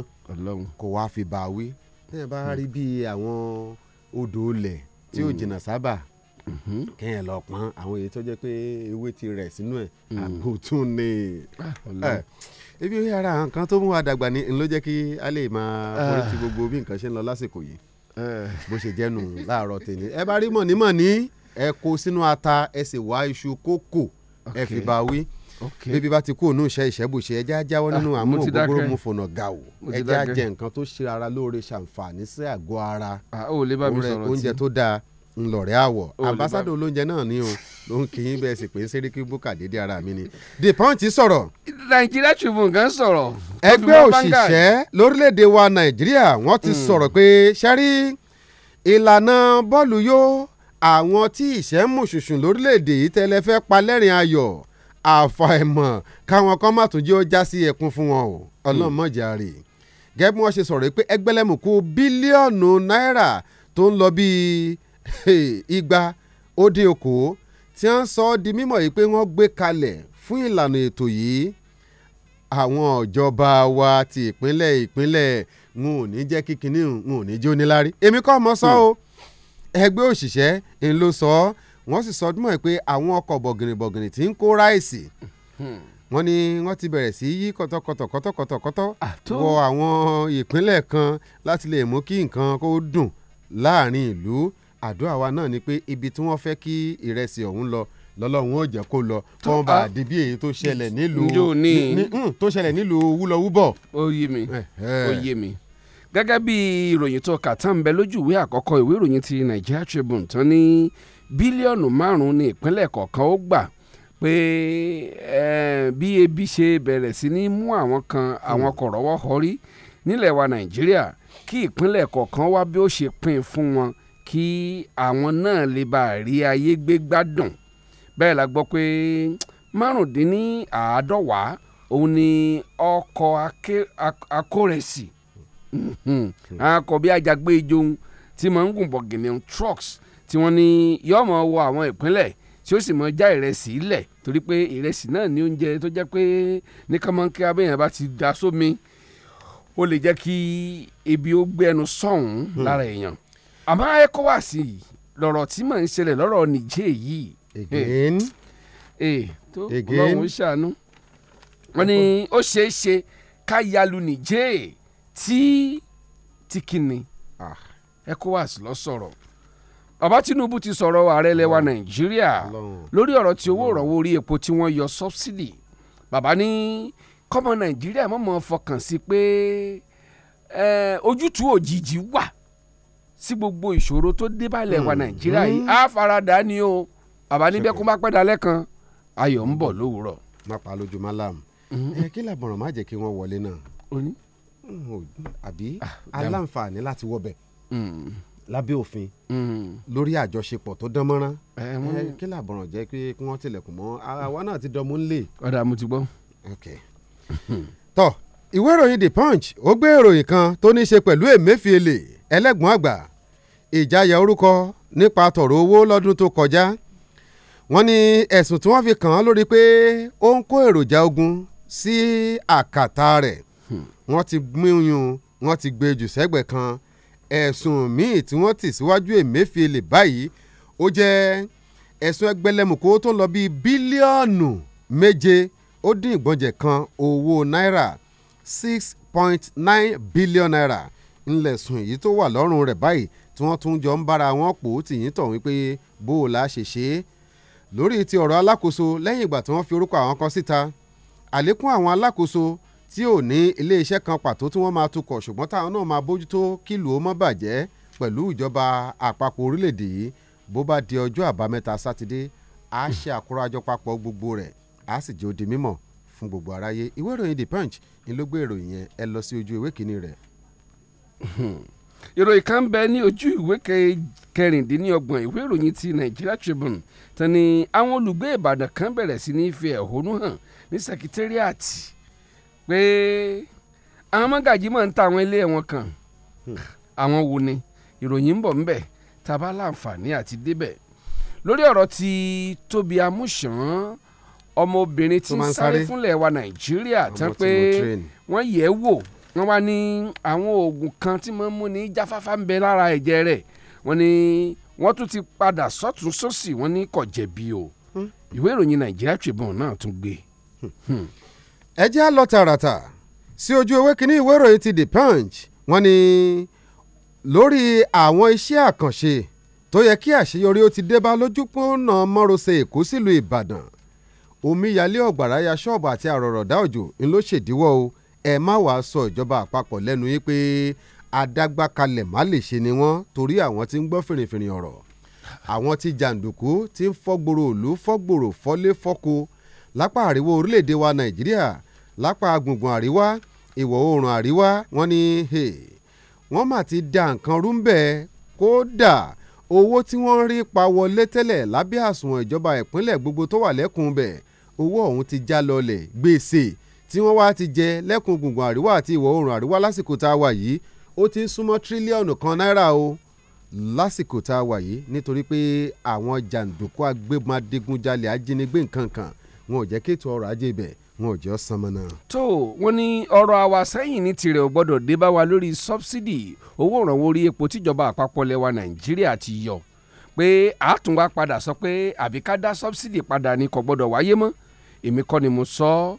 kó wàá fi bá a wí téèyàn bá hmm. rí bí àwọn odò olẹ̀ tí ò hmm. jìnnà sábà mm-hmm. kéèyàn lọ pọn àwọn èyí tó jẹ́ pé ewé ti rẹ̀ sínú ẹ̀ hmm. àgbo tún ni ah, eh, ebi orí ara nǹkan tó mú wa dàgbà ni ló jẹ́ kí a lè máa ah. forí ti gbogbo bí nǹkan ṣe ń lọ lásìkò yìí eh. bó ṣe jẹ́nu láàárọ̀ tèmi ẹ bá rí mọ̀nímọ̀ní ẹ kó sínú ata ẹ sì wá iṣu kókò ẹ fi bá wí bébí bá ti kú òun iṣẹ́ ìṣẹ́bùṣe ẹja jáwọ́ nínú àmú ògógóró mu fònà ga o ẹja jẹ nǹkan tó ṣe ara lóore ṣàǹfààní sí àgọ́ ara ah, oúnjẹ tó dáa ńlọrẹ́ àwọ̀ ambassadọ olóúnjẹ náà ni o ló ń kíyìn bẹ́ẹ̀ sì pé sẹ́ríkì búkà dédé ara mi ni The Punch sọ̀rọ̀. Nàìjíríà Tribune gan sọ̀rọ̀. ẹgbẹ́ òṣìṣẹ́ lórílẹ̀‐èdè wa Nàìjíríà wọ́n ti hmm. sọ̀rọ̀ pé sẹ́rí ìlànà bọ́ọ̀lù yó àwọn tí ìṣẹ́ mùṣùṣùn lórílẹ̀‐èdè yìí tẹ́lẹ̀ fẹ́ palẹ́rìn ayọ̀ àfàìmọ̀ káwọn kan má tún jẹ́ ó já sí ẹkún fún wọn o ọlọ́mọjà hmm. rè gẹ́gẹ́ bí wọ́n ṣe sọ̀rọ̀ pé ẹgbẹ́lẹ́mùkú bílíọ̀nù náírà tó ń lọ bíi igba ó dín okòó tí wọ́n sọ ọ́ di mímọ̀ yìí pé wọ́n gbé kalẹ̀ fún ìlànà ètò yìí àwọn ìjọba wa ti ìpínlẹ̀ ìpínlẹ̀ n ò ní jẹ́ kíkiní n ò ní jóníláárí èmi kọ́ mọ́ sọ́ hmm. o ẹgbẹ́ òṣìṣẹ́ ń ló sọ ọ́ wọ́n sì sọ ọdún mọ́ ẹ pé àwọn ọkọ̀ bọ̀gìnìbọ̀gìnì tí ń kó ráìsì hmm. wọ́n ní wọ́n ti bẹ̀rẹ̀ sí yí kọ́tọ́kọ́tọ́ kọ́tọ́kọ́tọ́ wọ ah, àwọn ìpínlẹ̀ kan láti lè mú kí nǹkan kó dùn láàrin ìlú àdúrà wa náà ni pé ibi tí wọ́n fẹ́ kí ìrẹsì ọ̀hún lọ lọ́lọ́run ó jẹ́ kó lọ kó ń bá ah, di bí èyí tó ṣẹlẹ̀ nílùú tó ṣẹlẹ̀ nílùú wúlọ́wúbọ̀. ó yé mi ó yé mi gẹ́gẹ́ bí ìròyìn tó kà tán bẹ lójú ìwé àkọ́kọ́ ìwé ìròyìn ti Nigeria Tribune tán ní bílíọ̀nù márùn-ún ní ìpínlẹ̀ kọ̀ọ̀kan ó gbà pé bí ebi ṣe bẹ̀rẹ̀ sí ní mú àwọn kan àwọn kọ̀rọ̀wọ́ họrí nílẹ̀ wa nàìjíríà kí ìpínlẹ̀ kọ̀ọ̀kan wá bí ó ṣe pín fún wọn kí àwọn náà lè bá rí ayé gbé gbádùn bẹ́ẹ̀ la gbọ́ pé márùndínláàádọ́wà òun ni ọkọ̀ akórèsì akọ̀ bí ajagbe ijohun tí máa ń gùn bọ̀gìnì trucks tí wọ́n ní yóò mọ̀ wọ àwọn ìpínlẹ̀ tí ó sì mọ̀ já ìrẹsì ilẹ̀ torí pé ìrẹsì náà ní oúnjẹ tó jẹ́ pé ní kánmọ́nkí abẹ́yẹn bá ti da sómi ó lè jẹ́ kí ebi ó gbẹnu sọ̀hún hmm. lára èèyàn àmọ́ ECOWAS lọ̀rọ̀ tí mà ń ṣẹlẹ̀ lọ́rọ̀ Niger yìí again ee eh, eh, tó ọlọ́run ó ṣàánú wọ́n ní ó ṣeé ṣe ká yalu Niger tí tí kìnnì ah, ECOWAS lọ sọ̀rọ̀ ọba Tinubu ti sọ̀rọ̀ ààrẹ lẹwa Nàìjíríà lórí ọ̀rọ̀ tí owó ìrànwọ́ orí epo tí wọ́n yọ sọ́bsidì bàbá ní kọ́mọ Nàìjíríà mọ̀mọ́ fọkàn sí pé ojútùú òjijì wà sí gbogbo ìṣòro tó dé lẹwa hmm. Nàìjíríà yìí á hmm. faradà ni o bàbá níbẹ̀ kó má pẹ́ dalẹ́ kan ayọ̀ ń bọ̀ lówùúrọ̀. má pa lójú má làm hmm. ẹ kí làbọ̀ràn má jẹ́ kí wọ́n wọlé náà àbí ah, aláǹfààní láti wọbẹ̀ lábẹ́ òfin mm. lórí àjọṣepọ̀ tó dán mọ́rán kí làbọ̀ràn jẹ́ pé kí wọ́n tilẹ̀kùn mọ́ àwa náà ti dánmú nílé. ọ̀dà mo ti gbọ́. [laughs] tọ́ ìwé ìròyìn the punch ó gbé ìròyìn kan tó ní í ṣe pẹ̀lú emefiele ẹlẹ́gbọ̀n àgbà ìjáyà orúkọ nípa tọ̀rọ̀ owó lọ́dún tó kọjá wọ́n ní ẹ̀sùn tí wọ́n fi kàn án lórí pé ó ń kó èròjà ogun sí àkàtà rẹ̀ hmm. wọ́n ti gbìyànjú wọ́n ti gbé jù sẹ́gbẹ̀ kan ẹ̀sùn míì tí wọ́n tì síwájú Emefiele báyìí ó jẹ́ ẹ̀sùn ẹgbẹ̀lẹ́mùkó tó lọ bíi bílíọ̀nù méje ó dín ìgbọ̀njẹ̀ kan owó náírà six point nine billion naira ńlẹ̀sùn èyí tó wà lọ́rùn rẹ̀ báyìí tí wọ́n tún jọ ń bára wọn pò ó tìyín tọ̀ wípé bó o la ṣe ṣe é lórí ti ọ̀rọ̀ alákòóso lẹ́yìn ìgbà tí wọ́n fi orúkọ àwọn kan síta àlékún àwọn alákòóso tí ò ní iléeṣẹ́ kan pàtó tí wọ́n máa tukọ̀ ṣùgbọ́n táwọn náà máa bójútó kílùú ó má bàjẹ́ pẹ̀lú ìjọba àpapọ̀ orílẹ̀-èdè yìí bó bá di ọjọ́ àbámẹ́ta sátidé a ṣe àkórajọ papọ̀ gbogbo rẹ̀ a sì jẹ́ ó di mímọ̀ fún gbogbo aráyé ìwé ìròyìn the punch ni ló gbé ìròyìn yẹn ẹ lọ sí ojú ìwé kìíní rẹ̀. [laughs] ìròyìn kan bẹ ní ojú ìwé kẹrìndínlọ́gbọ̀n ìwé ìròyìn ti Nigeria Tribune tani àwọn olùgbé Ìbàdàn kan bẹ̀rẹ̀ sí ní fi ẹ̀hónú hàn ní sẹkítẹ́rìàtì pé àwọn mọ́gàjí máa ń ta àwọn ilé wọn kan hmm. àwọn wo ni ìròyìn ń bọ̀ ńbẹ̀ tá a láǹfààní àti débẹ̀ lórí ọ̀rọ̀ ti Tóbi Amúsàn ọmọbìnrin tí ń sáré fúnlẹ̀ wa Nàìjíríà tán pé wọ́n yẹ̀ wò wọ́n wá ní àwọn oògùn kan tí wọ́n mú ní jáfáfá ń bẹ lára ẹ̀jẹ̀ rẹ̀ wọ́n ní wọ́n tún ti padà sọ́tún sósì wọ́n ní kò jẹ̀bi o hmm. ìwé ìròyìn Nàìjíríà Tribune náà tún gbé. Hmm ẹ jẹ́ lọ tààràtà sí ojú ewé kínní ìwé ìròyìn ti The Punch wọ́n ní lórí àwọn iṣẹ́ àkànṣe tó yẹ kí àṣeyọrí ó ti dé bá lójúpọ̀nà mọ́rọ̀ṣẹ̀ èkó sílùú Ìbàdàn omíyalé ọ̀gbàrá ya ṣọ́ọ̀bù àti àrọ̀rọ̀dá òjò ń ló ṣèdíwọ́ o ẹ má wàá sọ ìjọba àpapọ̀ lẹ́nu yìí pé adágbákalẹ̀ má lè ṣe ni wọ́n torí àwọn tí ń gbọ́ fìrìfìrì ọ̀rọ̀ àwọn tí jàǹdùkú tí ń fọ́gbòrò òlú fọ́gbòrò fọ́lé fọ́ko lápá àríwá orílẹ̀-èdè wa Nàìjíríà lápá agbùngbùn àríwá ìwọ̀ oòrùn àríwá wọ́n ní wọ́n mà ti da nǹkan rú ń bẹ̀ kódà owó tí wọ́n rí pa wọlé tẹ́lẹ̀ lábẹ́ àsùnwọ̀n ìjọba ìpínlẹ̀ gbogbo tó wà lẹ́kùn bẹ̀ owó ọ̀hún ti já lọlẹ̀ gbèsè tí wọ́n wá ti jẹ lẹ́kùn gbùngbùn àríwá àti ìwọ̀ oòrùn àríwá lásìkò tá a wà yìí ó ti ń súnmọ́ tírílíọ̀nù kan náírà o lásìkò tá a wà yìí nítorí pé àwọn jàǹdùkú agbébọn adigunjalè ajínigbé nǹkan kan wọn ò jẹ́ kéètò ọrọ̀ ajé bẹ́ẹ̀ wọn ò jẹ́ sanmọ́ náà. tó wọn ní ọ̀rọ̀ àwa sẹ́yìn ní tirẹ̀ ò gbọ́dọ̀ dé bá wa lórí sọ́bsidì owó ìrànwọ́ orí epo tíjọba àpapọ̀ lẹ́wà nàìjíríà ti yọ pé àtúnwá padà sọ pé àbí ká dá sọ́bsidì padà ni kò gbọ́dọ̀ wáyé mọ́ èmi kọ́ ni mo sọ ọ́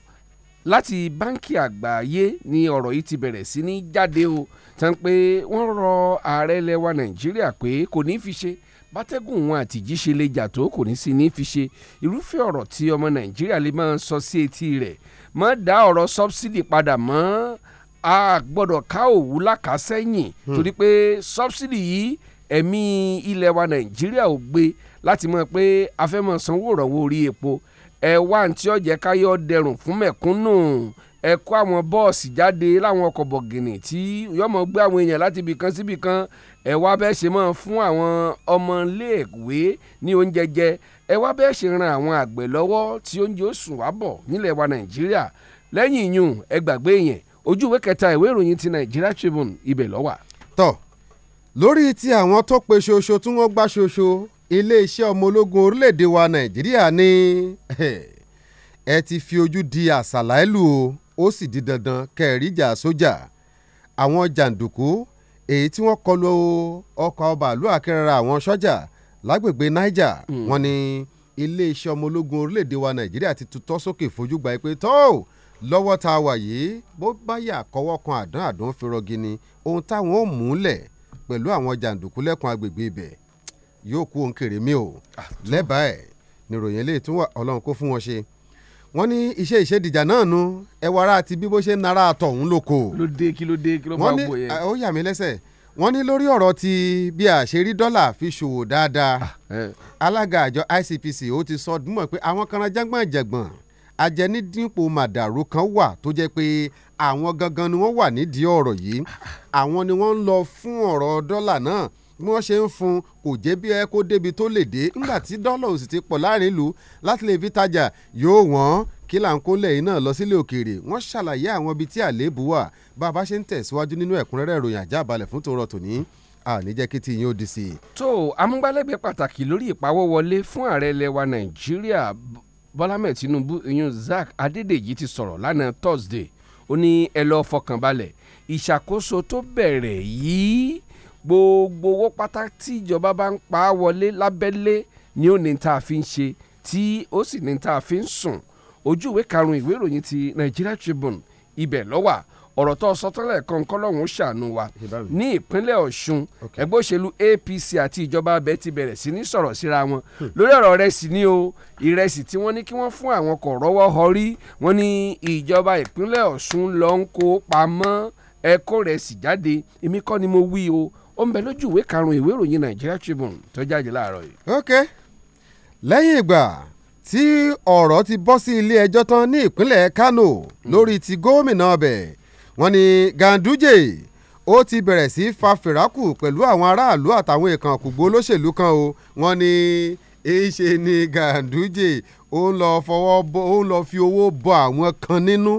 láti báńkì àgbáyé ni ọ̀rọ̀ yìí ti bẹ̀rẹ̀ sí ní jáde o tán pé wọ́n rọ ààrẹ lẹ́wà nàìjíríà pé kò ní fi ṣe bátẹ́gùn wọn àtìjíṣe lè jà tó kò ní sí ní fi ṣe irúfẹ́ ọ̀rọ̀ tí ọmọ nàìjíríà lè máa sọ sí etí rẹ̀ má dá ọ̀rọ̀ sọ́bsìdì padà mọ́ a gbọ́dọ̀ ká òwú lákàsẹ́yìn hmm. torí pé sọ́bsìdì yìí ẹ̀mí ilẹ̀ wa nàìjíríà ò gbé láti mọ̀ pé a fẹ́ mọ̀ sanwó ìrànwọ́ orí epo ẹ̀ wá ní tí ọ̀jẹ̀ káyọ̀ dẹrùn fún mẹ̀kúnnù ẹ kó àwọn bọ́ọ̀sì jáde láwọn ọkọ̀ bọ̀gìnì tí yọmọ gbé àwọn èèyàn láti ibì kan síbì kan ẹ wá bẹ́ẹ̀ ṣe máa fún àwọn ọmọléèwé ní oúnjẹ jẹ ẹ wá bẹ́ẹ̀ ṣe ran àwọn àgbẹ̀ lọ́wọ́ tí oúnjẹ ó sùn wá bọ̀ nílẹ̀ wa nàìjíríà lẹ́yìn ìyún ẹ gbàgbé yẹn ojú ìwé kẹta ìwé ìròyìn ti Nigeria Tribune ibẹ̀ ló wà. tọ́ lórí ti àwọn tó pe ṣoṣo tí wọ́n gbá ṣoṣo iléeṣẹ́ ọmọ ológun orílẹ̀-èdè wa nàìjíríà ní [laughs] ẹ ti fi ojú di àṣàlá ìlú o ó sì di dandan kẹrìíjà sójà àwọn jàǹdùkú èyí tí wọ́n kọlu ọkọ̀ bàálù akẹ́rẹ́ra àwọn sọ́jà lágbègbè niger hmm. wọ́n ní iléeṣẹ́ ọmọ ológun orílẹ̀‐èdè wa nàìjíríà ti tutọ́ sókè fojú gba pé tó lọ́wọ́ tá a wà yìí bó bá yà kọ́wọ́ kan àdán àdán fi rọgí ni ohun táwọn ò mú lẹ̀ pẹ̀lú àwọn jàǹdùkú lẹ́kùn agbègbè ibẹ̀ yóò kú òǹkèrè mi ò ah, lẹ́bàá ẹ̀ níròyìn eléyìí tún wà ọlọ́run kó fún wọn ṣe wọ́n ní iṣẹ́ ìṣèdìjà náà nu ẹwà ara àti bí bó ṣe ń nara àtọ̀ òun ló kò. kí ló dé kí ló dé kí ló bá wò yẹn. ó yà mí lẹ́sẹ̀ wọ́n ní lórí ọ̀rọ̀ ti bí àṣírí dọ́là fi ṣòwò dáadáa ah, alága àjọ ICPC ó ti sọ dúnmọ̀ pé àwọn kan jẹ́gbọ́n jẹ̀gbọ́n ajẹnidínpò màdàrú kan wà tó jẹ́ pé àwọn gangan ni wọ́n wà nídìí ọ̀rọ̀ yìí àwọn ni wọ́n ń lọ fún ọ̀rọ̀ dọ́là náà bí wọ́n ṣe ń fún un kò jẹ́ bí ẹ kó débi tó lè dé nígbà tí dọ́là ò sì ti pọ̀ láàrin ìlú láti lè fi tajà yóò wọ́n kí là ń kó lẹ́yìn náà lọ sílé òkèèrè wọ́n ṣàlàyé àwọn ibi tí àléébù wà bá a bá ṣe ń tẹ̀síwájú nínú ẹ̀kúnrẹ́rẹ́ ìròyìn àjábalẹ̀ fún tòrọ tòní àní jẹ́ kí tiyín ó di sí i. tó amúgbálẹ́gbẹ̀ẹ́ pàtàkì lórí ìpawówọlé fún ààrẹ ilẹ̀ nàìjíríà bọ́lá mẹ́ẹ̀ tinubu iyun zack adédèjì ti sọ̀rọ̀ lánàá thursday ó ní ẹ lọ́ọ́ fọkànbalẹ̀ ìṣàkóso tó bẹ̀rẹ̀ yìí gbogbo owó pátá tí ìjọba bá ń pa á wọlé lábẹ́lé ni ó ní tá a fi ń ṣe tí ó sì ní tá a fi ń sùn ojú ìwé karùn-ún ìwé ìròyìn ti Nigeria Tribune ibẹ̀ lọ́wà ọ̀rọ̀ tó sọ tán lẹ́ẹ̀kan ó ṣàánú wa ní ìpínlẹ̀ Ọ̀ṣun ẹgbẹ́ òṣèlú APC àti ìjọba abẹ ti bẹ̀rẹ̀ sí ní sọ̀rọ̀ síra wọn hmm. lórí ọ̀rọ̀ rẹ̀ sì ni o ìrẹsì tí wọ́n ní kí wọ́n fún àwọn kò rọ́wọ́ họrí wọ́n ní ìjọba ìpínlẹ̀ Ọ̀ṣun ló ń kó pamọ́ ẹ̀kọ́ rẹ̀ sì jáde èmi kọ́ ni mo wí o ó ń bẹ lójú ìwé karùn-ún ìwé ìròyìn Nigeria Tribune tó jáde láàárọ̀ yìí. ok lẹ́yìn ìgbà tí ọ̀rọ̀ ti bọ́ sí ilé ẹjọ́ tán ní ìpínlẹ̀ Kano hmm. lórí ti gómìnà ọbẹ̀ wọ́n ní Ganduje ó ti bẹ̀rẹ̀ sí fa fìràkù pẹ̀lú àwọn aráàlú àtàwọn èèkàn olóṣèlú kan o wọ́n ní ìṣe ni Ganduje ó ń lọ fọwọ́ bọ ó ń lọ fi owó bọ àwọn kan nínú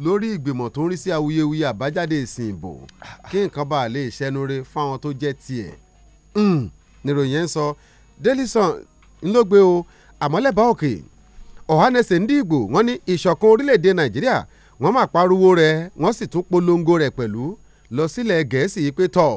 lórí ìgbìmọ̀ tó ń rí sí awuyewuye àbájáde ìsìn ìbò kí nǹkan bá lè ṣẹnure fáwọn tó jẹ́ tiẹ̀ hmm, níròyìn ń sọ Daily Sun ńlọgbẹ́ o àmọ́lẹ́bá òkè ọ̀hánẹsẹ̀ ń dìgbò wọ́n ní ìṣọ̀kan orílẹ̀-èdè Nàìjíríà wọ́n máa pariwo rẹ̀ wọ́n sì tún polongo rẹ̀ pẹ̀lú lọ sílẹ̀ Gẹ̀ẹ́sì yìí pé tọ̀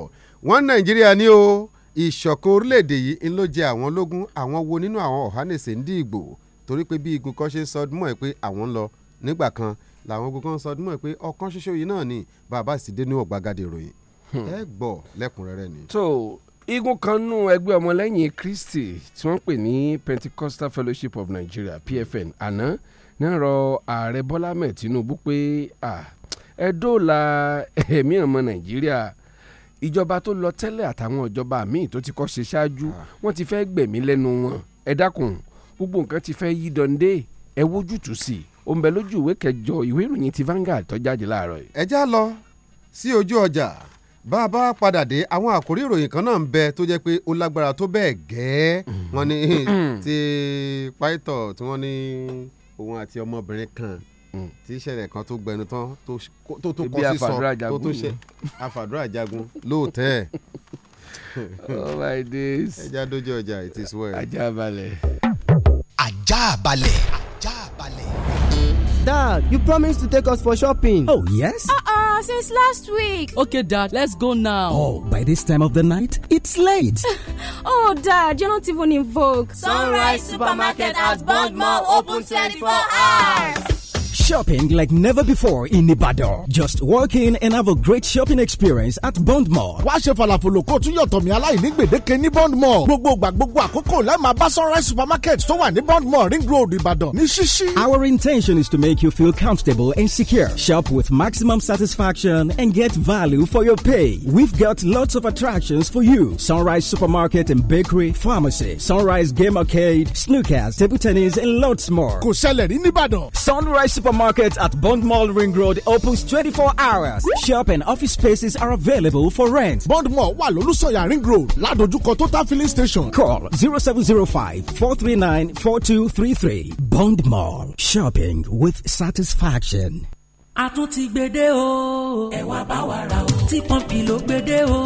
wọ́n Nàìjíríà ní o ìṣọ̀kan orílẹ̀-èdè yìí ńlọ jẹ àwọn lógún àwọn wo nínú àwọn ọ̀hánẹsẹ̀ ń dìgbò torí pé bí igun kan ṣe ń sọ ọdún mọ́ pé àwọn ń lọ nígbà kan làwọn ogun kan sọdún mọ́ pé ọ̀kan ṣoṣo yìí náà ni bàbá sì dé ní ọ̀gbagadè ìròyìn hmm. ẹ gbọ́ lẹ́kùnrẹ́rẹ́ ni. tó igun kan nú ẹgbẹ́ ọmọlẹ́yìn Kristi tí wọ́n pè ní Pentecostal Fellowship of Nigeria PFN àná náà rọ ààrẹ Bọ́lá mẹ́ Tinubu pé ẹ dóòlà ẹ̀mí ọmọ Nàìjíríà ìjọba tó lọ tẹ́lẹ̀ àtàwọn ìjọba míì tó ti kọ́ ṣe ṣáájú wọ́n ti fẹ́ gbẹ̀mí lẹ́nu wọn ẹ dákun gbogbo nǹkan ti fẹ́ yí dande ẹ wójútùú sí i ó ń bẹ lójú ìwé kẹjọ ìwé ìròyìn ti Vanguard tó jáde láàárọ̀ yìí. ẹ já lọ sí ojú ọjà bá a bá padà dé àwọn àkórí ìròyìn kan náà ń bẹ tó jẹ́ pé ó lágbára tó bẹ́ẹ̀ gẹ́ẹ́ mm-hmm. wọ́n ní mm-hmm. ti pító tí wọ́n ní òun àti ọmọbìnrin kan mm. tí ìṣẹ̀lẹ̀ kan tó gbẹnu tán tó tó kọ sísọ tó tó ṣe [laughs] àfàdúrà jagun lóòótẹ́. [laughs] oh my days. ẹja dojú ọjà it is well. ajá balẹ̀. ajá balẹ̀. ajá balẹ̀. Dad, you promised to take us for shopping. Oh, yes? Uh uh since last week. Okay, Dad, let's go now. Oh, by this time of the night, it's late. [laughs] oh, Dad, you're not even in vogue. Sunrise Supermarket has Bond Mall open 24 hours shopping like never before in Ibadan. Just walk in and have a great shopping experience at Bond Mall. Wá ṣe falafolo kó tún yọ̀tọ̀ mi aláìní gbèdéke ní Bond Mall. Gbogbo ìgbà gbogbo àkókò lẹ́ẹ̀ma bá Sunrise supermarket tó wà ní Bond Mall Ring Road Ibadan ní ṣíṣí. Our intention is to make you feel comfortable and secure. Shop with maximum satisfaction and get value for your pay. We've got lots of attractions for you. Sunrise Supermarket and Bakery, Pharmacy, Sunrise Game Arcade, Snookers, Table Tennis and lots more. Kò ṣẹlẹ̀ ní Nìbàdàn. Sunrise Supermarket Market at Bond Mall Ring Road opens 24 hours. Shop and office spaces are available for rent. Bond Mall wà lólùsọ̀yà Ring Road ládojúkọ Total Filling Station. Call 0705-439-4233. Bond Mall. Shopping with satisfaction. a tún ti gbede o. ẹ wá bá wa ra o. tí pọ́ǹpì ló gbede o.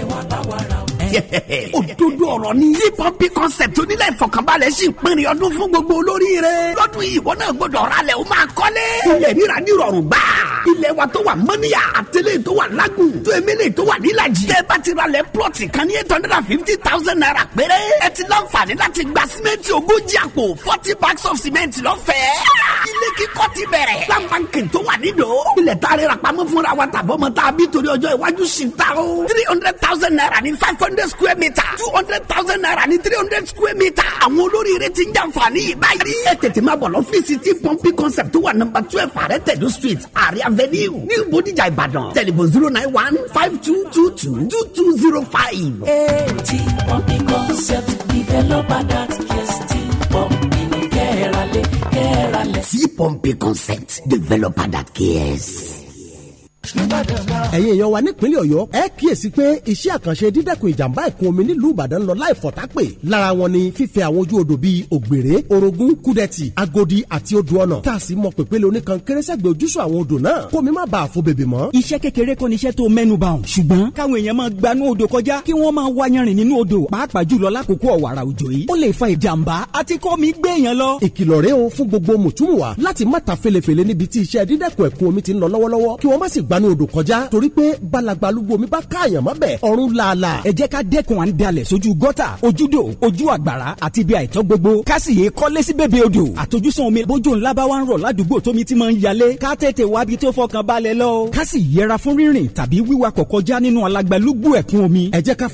ẹ wá bá wa ra o yẹ̀yẹ̀. [laughs] òdodo ọ̀rọ̀ ni. tí pọ́ńpì concept onílẹ̀ ìfọ̀kànbalẹ̀ sì ń pinrin ọdún fún gbogbo olórí rẹ̀. lọ́dún ìwọ náà gbọ́dọ̀ ra lẹ̀ o máa kọ́lé. ilẹ̀ ríra ní rọrùn gbà. ilẹ̀ wa tó wà mọ́níyà àtẹlẹ́ tó wà lágùn tó emele tó wà nílàjì. tẹ́ bá ti ra lẹ̀ plọ̀tì kan ní eight hundred and fifty thousand naira péré. ẹ ti láǹfààní láti gba símẹ́ǹtì ogójì àpò forty bags of cement lọ́fẹ̀ẹ́. ilé kíkọ́ ti bẹ̀rẹ̀. láǹbàǹkì tó wà nídò. ilẹ̀ tá a rẹ̀ rà pamọ́ fúnra wa tàbọ́mọ tá a bí torí ọjọ́ iwájú sí ta o. three hundred thousand naira ní five hundred hundred square meter two hundred thousand naira ní three hundred square meter àwọn olóríire ti ń jàǹfààní yìí báyìí. ẹ tètè máa bọ̀ lọ́fíìsì tí pọ́ńpì concept tó wà nọ́mbà twelve àrẹ tẹ̀dó street àrẹ avenue ní bòdìjà ìbàdàn tẹlifon zero nine one five two two two two two zero five. ti pọ́ńpì concept developer dat case ti pọ́ńpì ní kẹ́ẹ̀rẹ́lẹ̀ kẹ́ẹ̀rẹ́lẹ̀. ti pọ́ńpì concept developer dat case ẹ̀yin èèyàn wa nípínlẹ̀ ọ̀yọ́ ẹ kíyèsí pé iṣẹ́ àkànṣe dídẹ́kun ìjàmbá ìkún omi nílùú ìbàdàn lọ láì fọ̀tápè lára wọn ni fífẹ́ àwọn ojú odò bíi ògbèrè orogún kúdẹ̀tì agodi àti odò ọ̀nà tá a sì mọ pèpele oníkan kérésẹ́gbẹ̀ ojúṣọ àwọn odò náà kó mi má bàa fo bèbè mọ́. iṣẹ́ kékeré kọ́ ni iṣẹ́ tó mẹ́nu bà ọ̀hún ṣùgbọ́n káwọn èèyàn máa gbanú odò kọjá kí wọ́n máa wá yanrìn nínú odò pàápàá jùlọ lákòókò ọ̀wàrà òjò yìí ó o fún gbogbo mùtúmùwà láti má ta felefele níbi tí iṣẹ́ dídẹ́kun omi ti ń lọ lọ́wọ́lọ́wọ́ kí wọ́n má sì gb gbanú odò kọjá torí pé balagba arúgbó mi bá káàyàn mọ́ ọ̀run làálà. ẹ jẹ́ ká dẹ́kun à ń dalẹ̀ sójú gọ́tà ojúdò ojú àgbàrá àti ibi àìtọ́ gbogbo kásìyè kọ́lé sí bèbè odò àtojúsùn omi bójú ńlá bá wà ń rọ̀ ládùúgbò tómi ti máa ń yalé ká tètè wábi tó fọkàn balẹ̀ lọ. kásì yẹra fún rírìn tàbí wíwa kọ̀kọ́já nínú alagbalúgbú ẹ̀kún omi. ẹ jẹ́ ká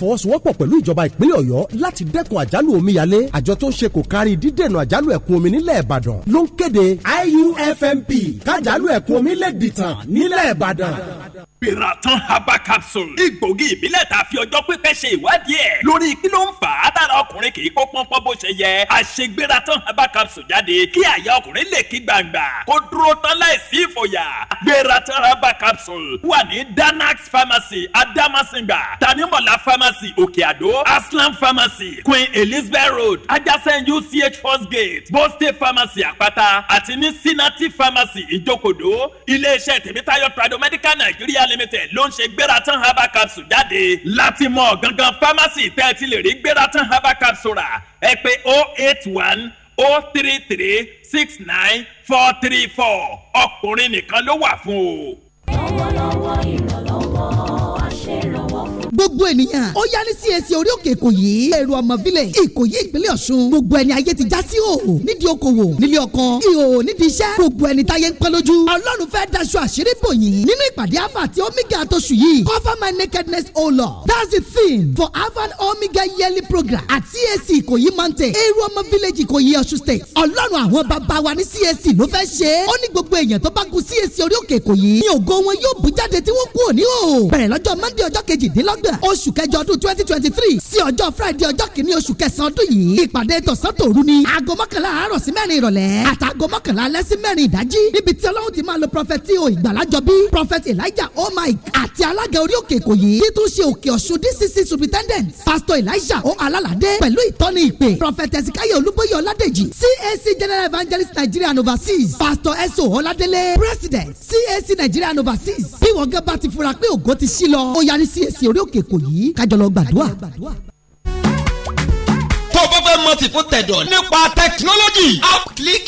Pìràtán Haba Capsule. Igbògi ìbílẹ̀ tá a fi ọjọ́ pípẹ́ ṣe ìwádìí ẹ̀. Lórí kí ló ń fà á tára ọkùnrin kì í kó pọ́npọ́n bó ṣe yẹ. Àṣegbératán Herbal Capsule jáde kí àyà ọkùnrin lè kí gbangba. Kó dúró tán láìsí ìfòyà. Gbératán Herbal Capsule wà ní Danax Pharmacy Adamasinga. Tanimola Pharmacy Òkè Àdó. Aslam Pharmacy Queen Elizabeth Road. Adjacent UCH First Gate. Boste Pharmacy Àpáta àti ní Sinati Pharmacy Ìjókòdó. Ilé iṣẹ́ Tèmítáyọ̀ Prado Medical africa nigeria limited ló ń ṣe gbératan herbal capsule jáde láti mọ gangan pharmacy tẹ́ ẹ ti lè rí gbératan herbal capsule rà ẹ pè oh eight one oh three three six nine four three four ọkùnrin nìkan ló wà fún o. lọ́wọ́lọ́wọ́ ìrànlọ́wọ́ gbogbo ènìyàn ó yá ní CAC orí òkè ìkòyí èrò ọmọ village ìkòyí ìpínlẹ̀ ọ̀ṣun gbogbo ẹni ayé ti já sí òòhò nídìí okòwò nílé ọkọ ìhòòhò nídìí iṣẹ́ gbogbo ẹni táyé ń pẹ́ lójú ọlọ́run fẹ́ daṣọ àṣírí bò yín nínú ìpàdé alpha àti omega àtọ̀sù yìí cover my nakedness o lord that's the thing for alpha and omega yearly program at CAC ìkòyí mountain èrò ọmọ village ìkòyí ọ̀ṣun state ọlọ́run àwọn bàbá wa ní CAC ló fẹ́ ṣe é ó ní gbogbo èèyàn tó bá gun CAC orí òkè ìkòyí ní ògo wọn yóò bú jáde tí wọ́n kú òní o bẹ̀rẹ̀ lọ́jọ́ monday ọjọ́ kejìdínlọ́gbẹ̀ àdúrà oṣù kẹjọ ọdún twenty twenty three sí ọjọ́ friday ọjọ́ kìíní oṣù kẹsàn-án ọdún yìí ìpàdé tọ̀sán tòru ni aago mọ́kànlá àárọ̀ sí mẹ́rin ìrọ̀lẹ́ àtàgọ́ mọ́kànlá alẹ́ sí mẹ́rin ìdájí níbi tí ọlọ́run ti máa lo prọfẹtì o ìgbàlájọ bí prọfẹtì elijah oh my àti alága orí òkè èkó yìí títún ṣe òkè ọ̀ṣun dcc superintendent pastor elijah o alalade pẹ̀lú ìtọ́ni ìpè prọfẹtì ẹ̀sìnkáyọ̀ olúbóyè ọládèjì cac general evangelist nigeria and overseas pastor eso ọládélé president cac nigeria and overseas bí wọ́n gẹ́gẹ́ bá ti fura pé ògo ti sí lọ ó yarí cac orí òkè lókè kò yìí kájọ lọ gbàdúrà tó bá fẹ́ mọ̀ sí fún tẹ̀dọ̀ nípa tẹkinọ́lọ́jì outclick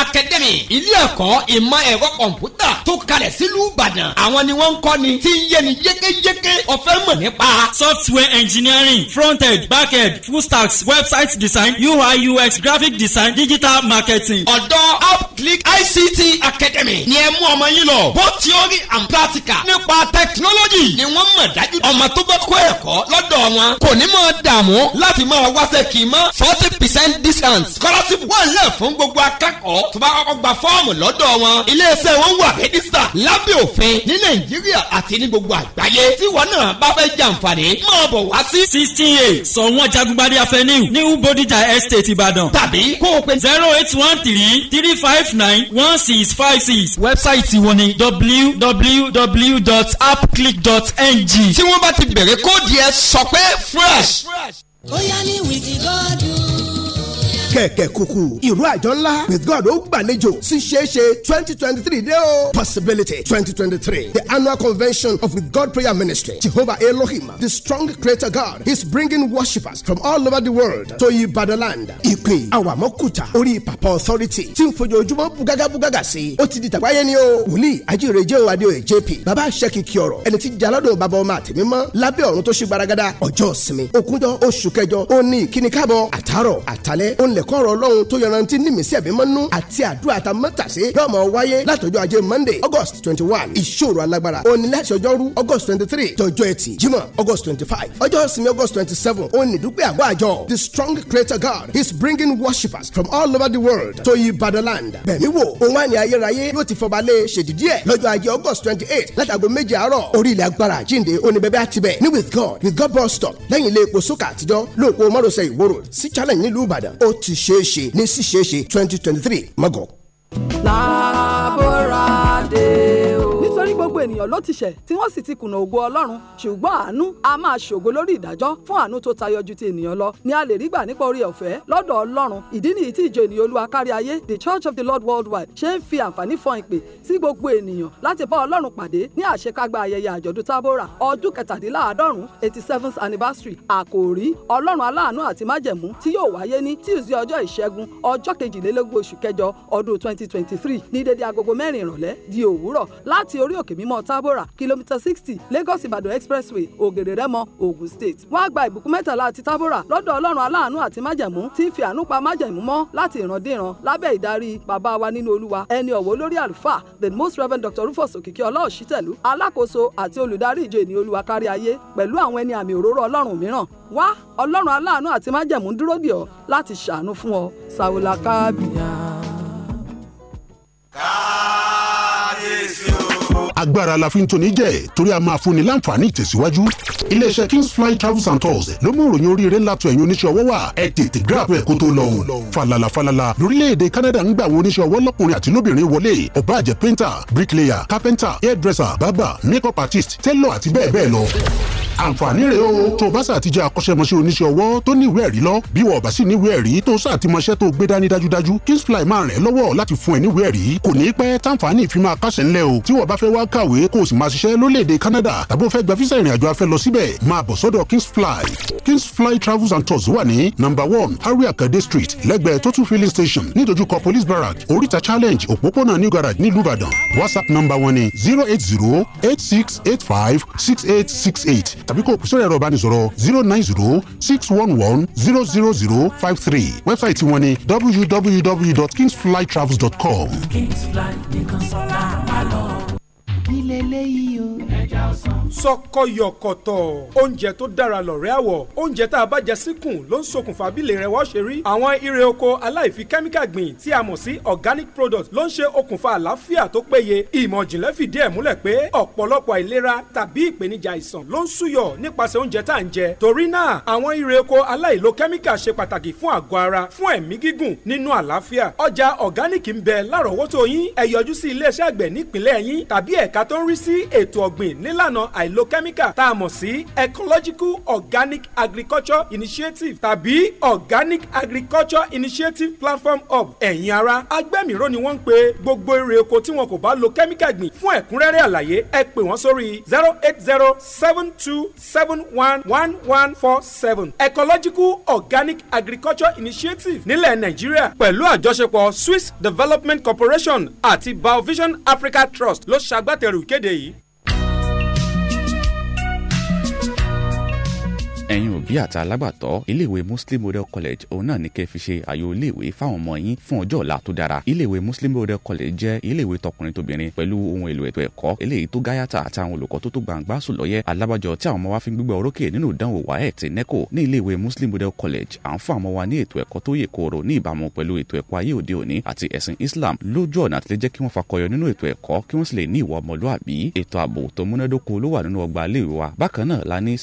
academy ilé ẹ̀kọ́ ìmọ̀ ẹ̀rọ kọ̀ǹpútà tó kalẹ̀ sílùú ìbàdàn àwọn ni wọ́n ń kọ́ ni ti ń yé ni yékéyéké ọ̀fẹ́ mọ̀ nípa. software engineering fronted backed full stacks website design ui ux graphic design digital marketing. ọ̀dọ́ upclick ict academy ni ẹ mú ọmọ yín lọ both theory and practical nípa technology ni wọ́n mọ̀ dájú. ọmọ tó bá kó ẹ̀kọ́ lọ́dọ̀ wọn kò ní mọ̀ dààmú láti máa wáṣẹ́ kì í mọ́ forty percent discount scholarship wọ́n lẹ̀ fún gbogbo akẹ́kọ̀ọ́ tó bá kọ́kọ́ gba fọ́ọ̀mù lọ́dọ̀ wọn iléeṣẹ́ wọn wà rẹ́dísítà lábẹ́ òfin ní nàìjíríà àti ní gbogbo àgbáyé tí wọn náà bá fẹ́ jàǹfààní máa bọ̀ wá sí. sixteen eight sọ wọn jagunbari avenue ní ubodija estate Ibadan. tàbí kó o pe zero eight one three three five nine one six five six wẹ́bsáìtì wọn ni www.appclick.ng tí wọ́n bá ti bẹ̀rẹ̀ kóòdù yẹn sọ pé fresh. ó yá ní wìtí gọ́dún kẹ̀kẹ́ kùkù ìró àjọ ńlá with God ó gbàlejò sí ṣeéṣe twenty twenty three dé o. possibility twenty twenty three the annual convention of with God prayer ministry Jehovah Elohim the strong creator God is bringing worshippers from all over the world to Ibadan ìpè àwàmọ́kùtà orí papa authority tí ń fojoojúmọ́ bugaga bugaga sí i ó ti di tàgbáyé ni o wòlíì ajírèjé o adéoyè jp bàbá àṣẹkìkì ọ̀rọ̀ ẹni tí jalọ́dọ̀ bàbá ọmọ àtẹ̀mímọ́ lábẹ́ ọ̀run tó ṣe gbaragada ọjọ́ sinmi òkúnjọ́ oṣù kẹjọ ó ní ìkíni káàbọ̀ àtàrọ̀ àtàlẹ́ ó ń lẹ̀ ẹ̀kọ́ ọ̀rọ̀ ọlọ́run tó yanrantí ní ẹ̀mí mọ́nú àti àdúrà tá a mọ́tàsí yóò máa wáyé látọjọ́ ajé monday august twenty one ìṣòro alágbára òní láti ọjọ́rú august twenty three tọjọ́ ẹtì jímọ̀ august twenty five ọjọ́ sinmi august twenty seven òní dúpẹ́ àgọ́ àjọ the strong creator god is bringing worshippers from all over the world to land. bẹ̀mí wo òun àní ayérayé yóò ti fọbalẹ̀ ṣèdídí ẹ̀ lọ́jọ́ ajé august twenty eight látago méje àárọ̀ orí ilẹ̀ agbára jíǹde oníbẹ̀bẹ̀ àtibẹ̀ ní with god with god bus stop lẹ́yìn ilé epo sókà àtijọ́ lóòpọ̀ márosẹ̀ ìwòrò sí challenge nílùú ìbàdàn ó ti ṣiṣẹ́ ṣe ní ṣiṣẹ́ twenty twenty three mago ènìyàn ló ti ṣẹ̀ tí wọ́n sì ti kùnà ògo Ọlọ́run ṣùgbọ́n àánú a máa ṣògo lórí ìdájọ́ fún àánú tó tayọ ju ti ènìyàn lọ ni a lè rí gbà nípa orí ọ̀fẹ́ lọ́dọ̀ Ọlọ́run ìdí nìyí tí ìjọ ènìyàn Olúwa kárí ayé The Church of the Lord Worldwide ṣe ń fi àǹfààní fọn ìpè sí gbogbo ènìyàn láti bá Ọlọ́run pàdé ní àṣekágbá ayẹyẹ àjọ̀dún Tábórà ọdún kẹtàdínláàádọ́rùn eighty seventh anniversary àkòrí Ọlọ́run aláàánú àti májẹ̀mú tí yóò wáyé ní Tuesday ọjọ́ ìṣẹ́gun ọjọ́ kejìlélógún oṣù kẹjọ ọdún twenty twenty three ní dédé agogo mẹ́rin ìrọ̀lẹ́ di òwúrọ̀ láti orí òkè mímọ́ mọ̀ tábòrà kìlómítà sixty Lagos Ìbàdàn expressway ògèrè rẹ́mọ Ògùn state. wọ́n á gba ìbùkún mẹ́tàlá àti tábòrà lọ́dọ̀ ọlọ́run aláàánú àti májẹ̀mú tí ń fi àánú pa májẹ̀mú mọ́ láti ìrandíran lábẹ́ ìdarí bàbá wa nínú olúwa ẹni ọ̀wọ́ olórí àlùfáà the most reverend dr rufus òkìkí ọlọ́ọ̀ṣítẹ̀lú alákòóso àti olùdarí ìjọ ènìyàn olúwa kárí ayé pẹ̀lú àwọn ẹni àmì òróró ọlọ́run mìíràn wá ọlọ́run aláàánú àti májẹ̀mú dúró dì ọ́ láti ṣàánú fún ọ sàwòlà káàbì. agbára la fi ń toni jẹ́ torí a máa fúnni láǹfààní ìtẹ̀síwájú. iléeṣẹ́ Kingsfly Travels and Tours ló mú ìròyìn oríire ńlá tó ẹ̀yin oníṣẹ́ ọwọ́ wà ẹ tètè gíràpù ẹ̀ kó tó lọ o. falala falala lórílẹ̀‐èdè Canada ń gba àwọn oníṣẹ́ ọwọ́ lọ́kùnrin àti lóbìnrin wọlé ọ̀bá àjẹ́ painter bricklayer carpenter hairdresser barber makeup artist tailor àti bẹ́ẹ̀ bẹ́ẹ̀ lọ àǹfààní rèé o tó o bá sà ti jẹ́ akọ́ṣẹ́mọṣẹ́ oníṣẹ́ ọwọ́ tó ní ìwé ẹ̀rí lọ bí wọ́n bá sì ní ìwé ẹ̀rí tó sà ti mọṣẹ́ tó gbé dání dájúdájú Kingsfly máa ràn ẹ́ lọ́wọ́ láti fún ẹ ní ìwé ẹ̀rí kò ní pẹ́ táǹfààní ìfi máa kásẹ̀ ńlẹ̀ o tí wọ́n bá fẹ́ wá kàwé kó o sì máa ṣiṣẹ́ lólèdè Canada tàbí o fẹ́ gba físà ìrìnàjò afẹ́ lọ síbẹ̀ máa bọ̀ sọ́dọ̀ Kingsfly Kingsfly Travels and Tours wà ní number one Harry Akande Street lẹ́gbẹ̀ẹ́ Total filling station nídojúkọ police barrack oríta challenge òpópónà New Garage nílùú Ìbàdàn WhatsApp number one ni zero eight zero eight six eight five six eight six eight tàbí kò pèsè ẹ̀rọ ìbánisọ̀rọ̀ zero nine zero six one one zero zero zero five three wẹ́bsáìtì wọn ni www.kingsflytravels.com. kingsfly ní kan sọ́lá máa lọ. kí o sọkọyọkọtọ oúnjẹ tó dára lọ̀rẹ́ àwọ̀ oúnjẹ tá a bá jẹ síkùn ló ń ṣokùnfà bí lè rẹ wọ́n ṣe rí àwọn irè oko aláìfi kẹ́míkà gbìn tí a mọ̀ sí organic product ló ń ṣe okùnfà àlàáfíà tó péye ìmọ̀ ìjìnlẹ̀ fìdí ẹ̀ múlẹ̀ pé ọ̀pọ̀lọpọ̀ àìlera tàbí ìpèníjà àìsàn ló ń súyọ nípasẹ̀ oúnjẹ tá à ń jẹ torí náà àwọn irè oko aláìlo kẹ́míkà ṣe pàtàkì fún àgọ́ ara fún ẹ̀mí gígùn nínú àlàáfíà ọjà organic ń bẹ lárọ̀ọ́wọ́tó yín ẹ yọjú sí iléeṣẹ́ àgbẹ̀ nípìnlẹ̀ yín tàbí ẹ̀ka tó ń rí sí ètò ọ̀gbìn ní nílànà àìlókẹ́míkà tá a mọ̀ sí ecological organic agriculture initiative tàbí organic agriculture initiative platform hub ẹ̀yin ara agbẹ́mìíràn ni wọ́n ń pe gbogbo èrè oko tí wọn kò bá lo kẹ́míkà gbìn fún ẹ̀kúnrẹ́rẹ́ àlàyé ẹ pè wọ́n sórí zero eight zero seven two seven one one one four seven ecological organic agriculture initiative nílẹ̀ nàìjíríà pẹ̀lú àjọṣepọ̀ swiss development corporation àti biovision africa trust ló ṣàgbàtẹ̀rù ìkéde yìí. ẹ̀yin òbí àti alágbàtọ́ iléèwé muslim model college òun náà ni kẹ́ fi ṣe àyò iléèwé fáwọn ọmọ yín fún ọjọ́ ọ̀la tó dára iléèwé muslim model college jẹ́ iléèwé tọkùnrin tóbìnrin pẹ̀lú ohun èlò ètò ẹ̀kọ́ eléyìí tó gáyàtà àti àwọn olùkọ́ tó tó gbàǹgbà sùn lọ́yẹ́ alábàjọ tí àwọn ọmọ wa fi ń gbígbà orókè nínú ìdánwò waec ti neco ní iléèwé muslim model college à ń fún àwọn ọmọ wa ní ètò ẹ̀kọ́ tó yè kooro ní ìbámu pẹ̀lú ètò ẹ̀kọ́ ayé òde òní àti ẹ̀sìn islam lójú ọ̀nà àti lè jẹ́ kí wọ́n fakọyọ nínú ètò ẹ̀kọ́ kí wọ́n sì lè ní ìwà ọmọlúàbí ètò ààbò tó múnádóko ló wà nínú ọgbà iléèwé wa bákan náà la ní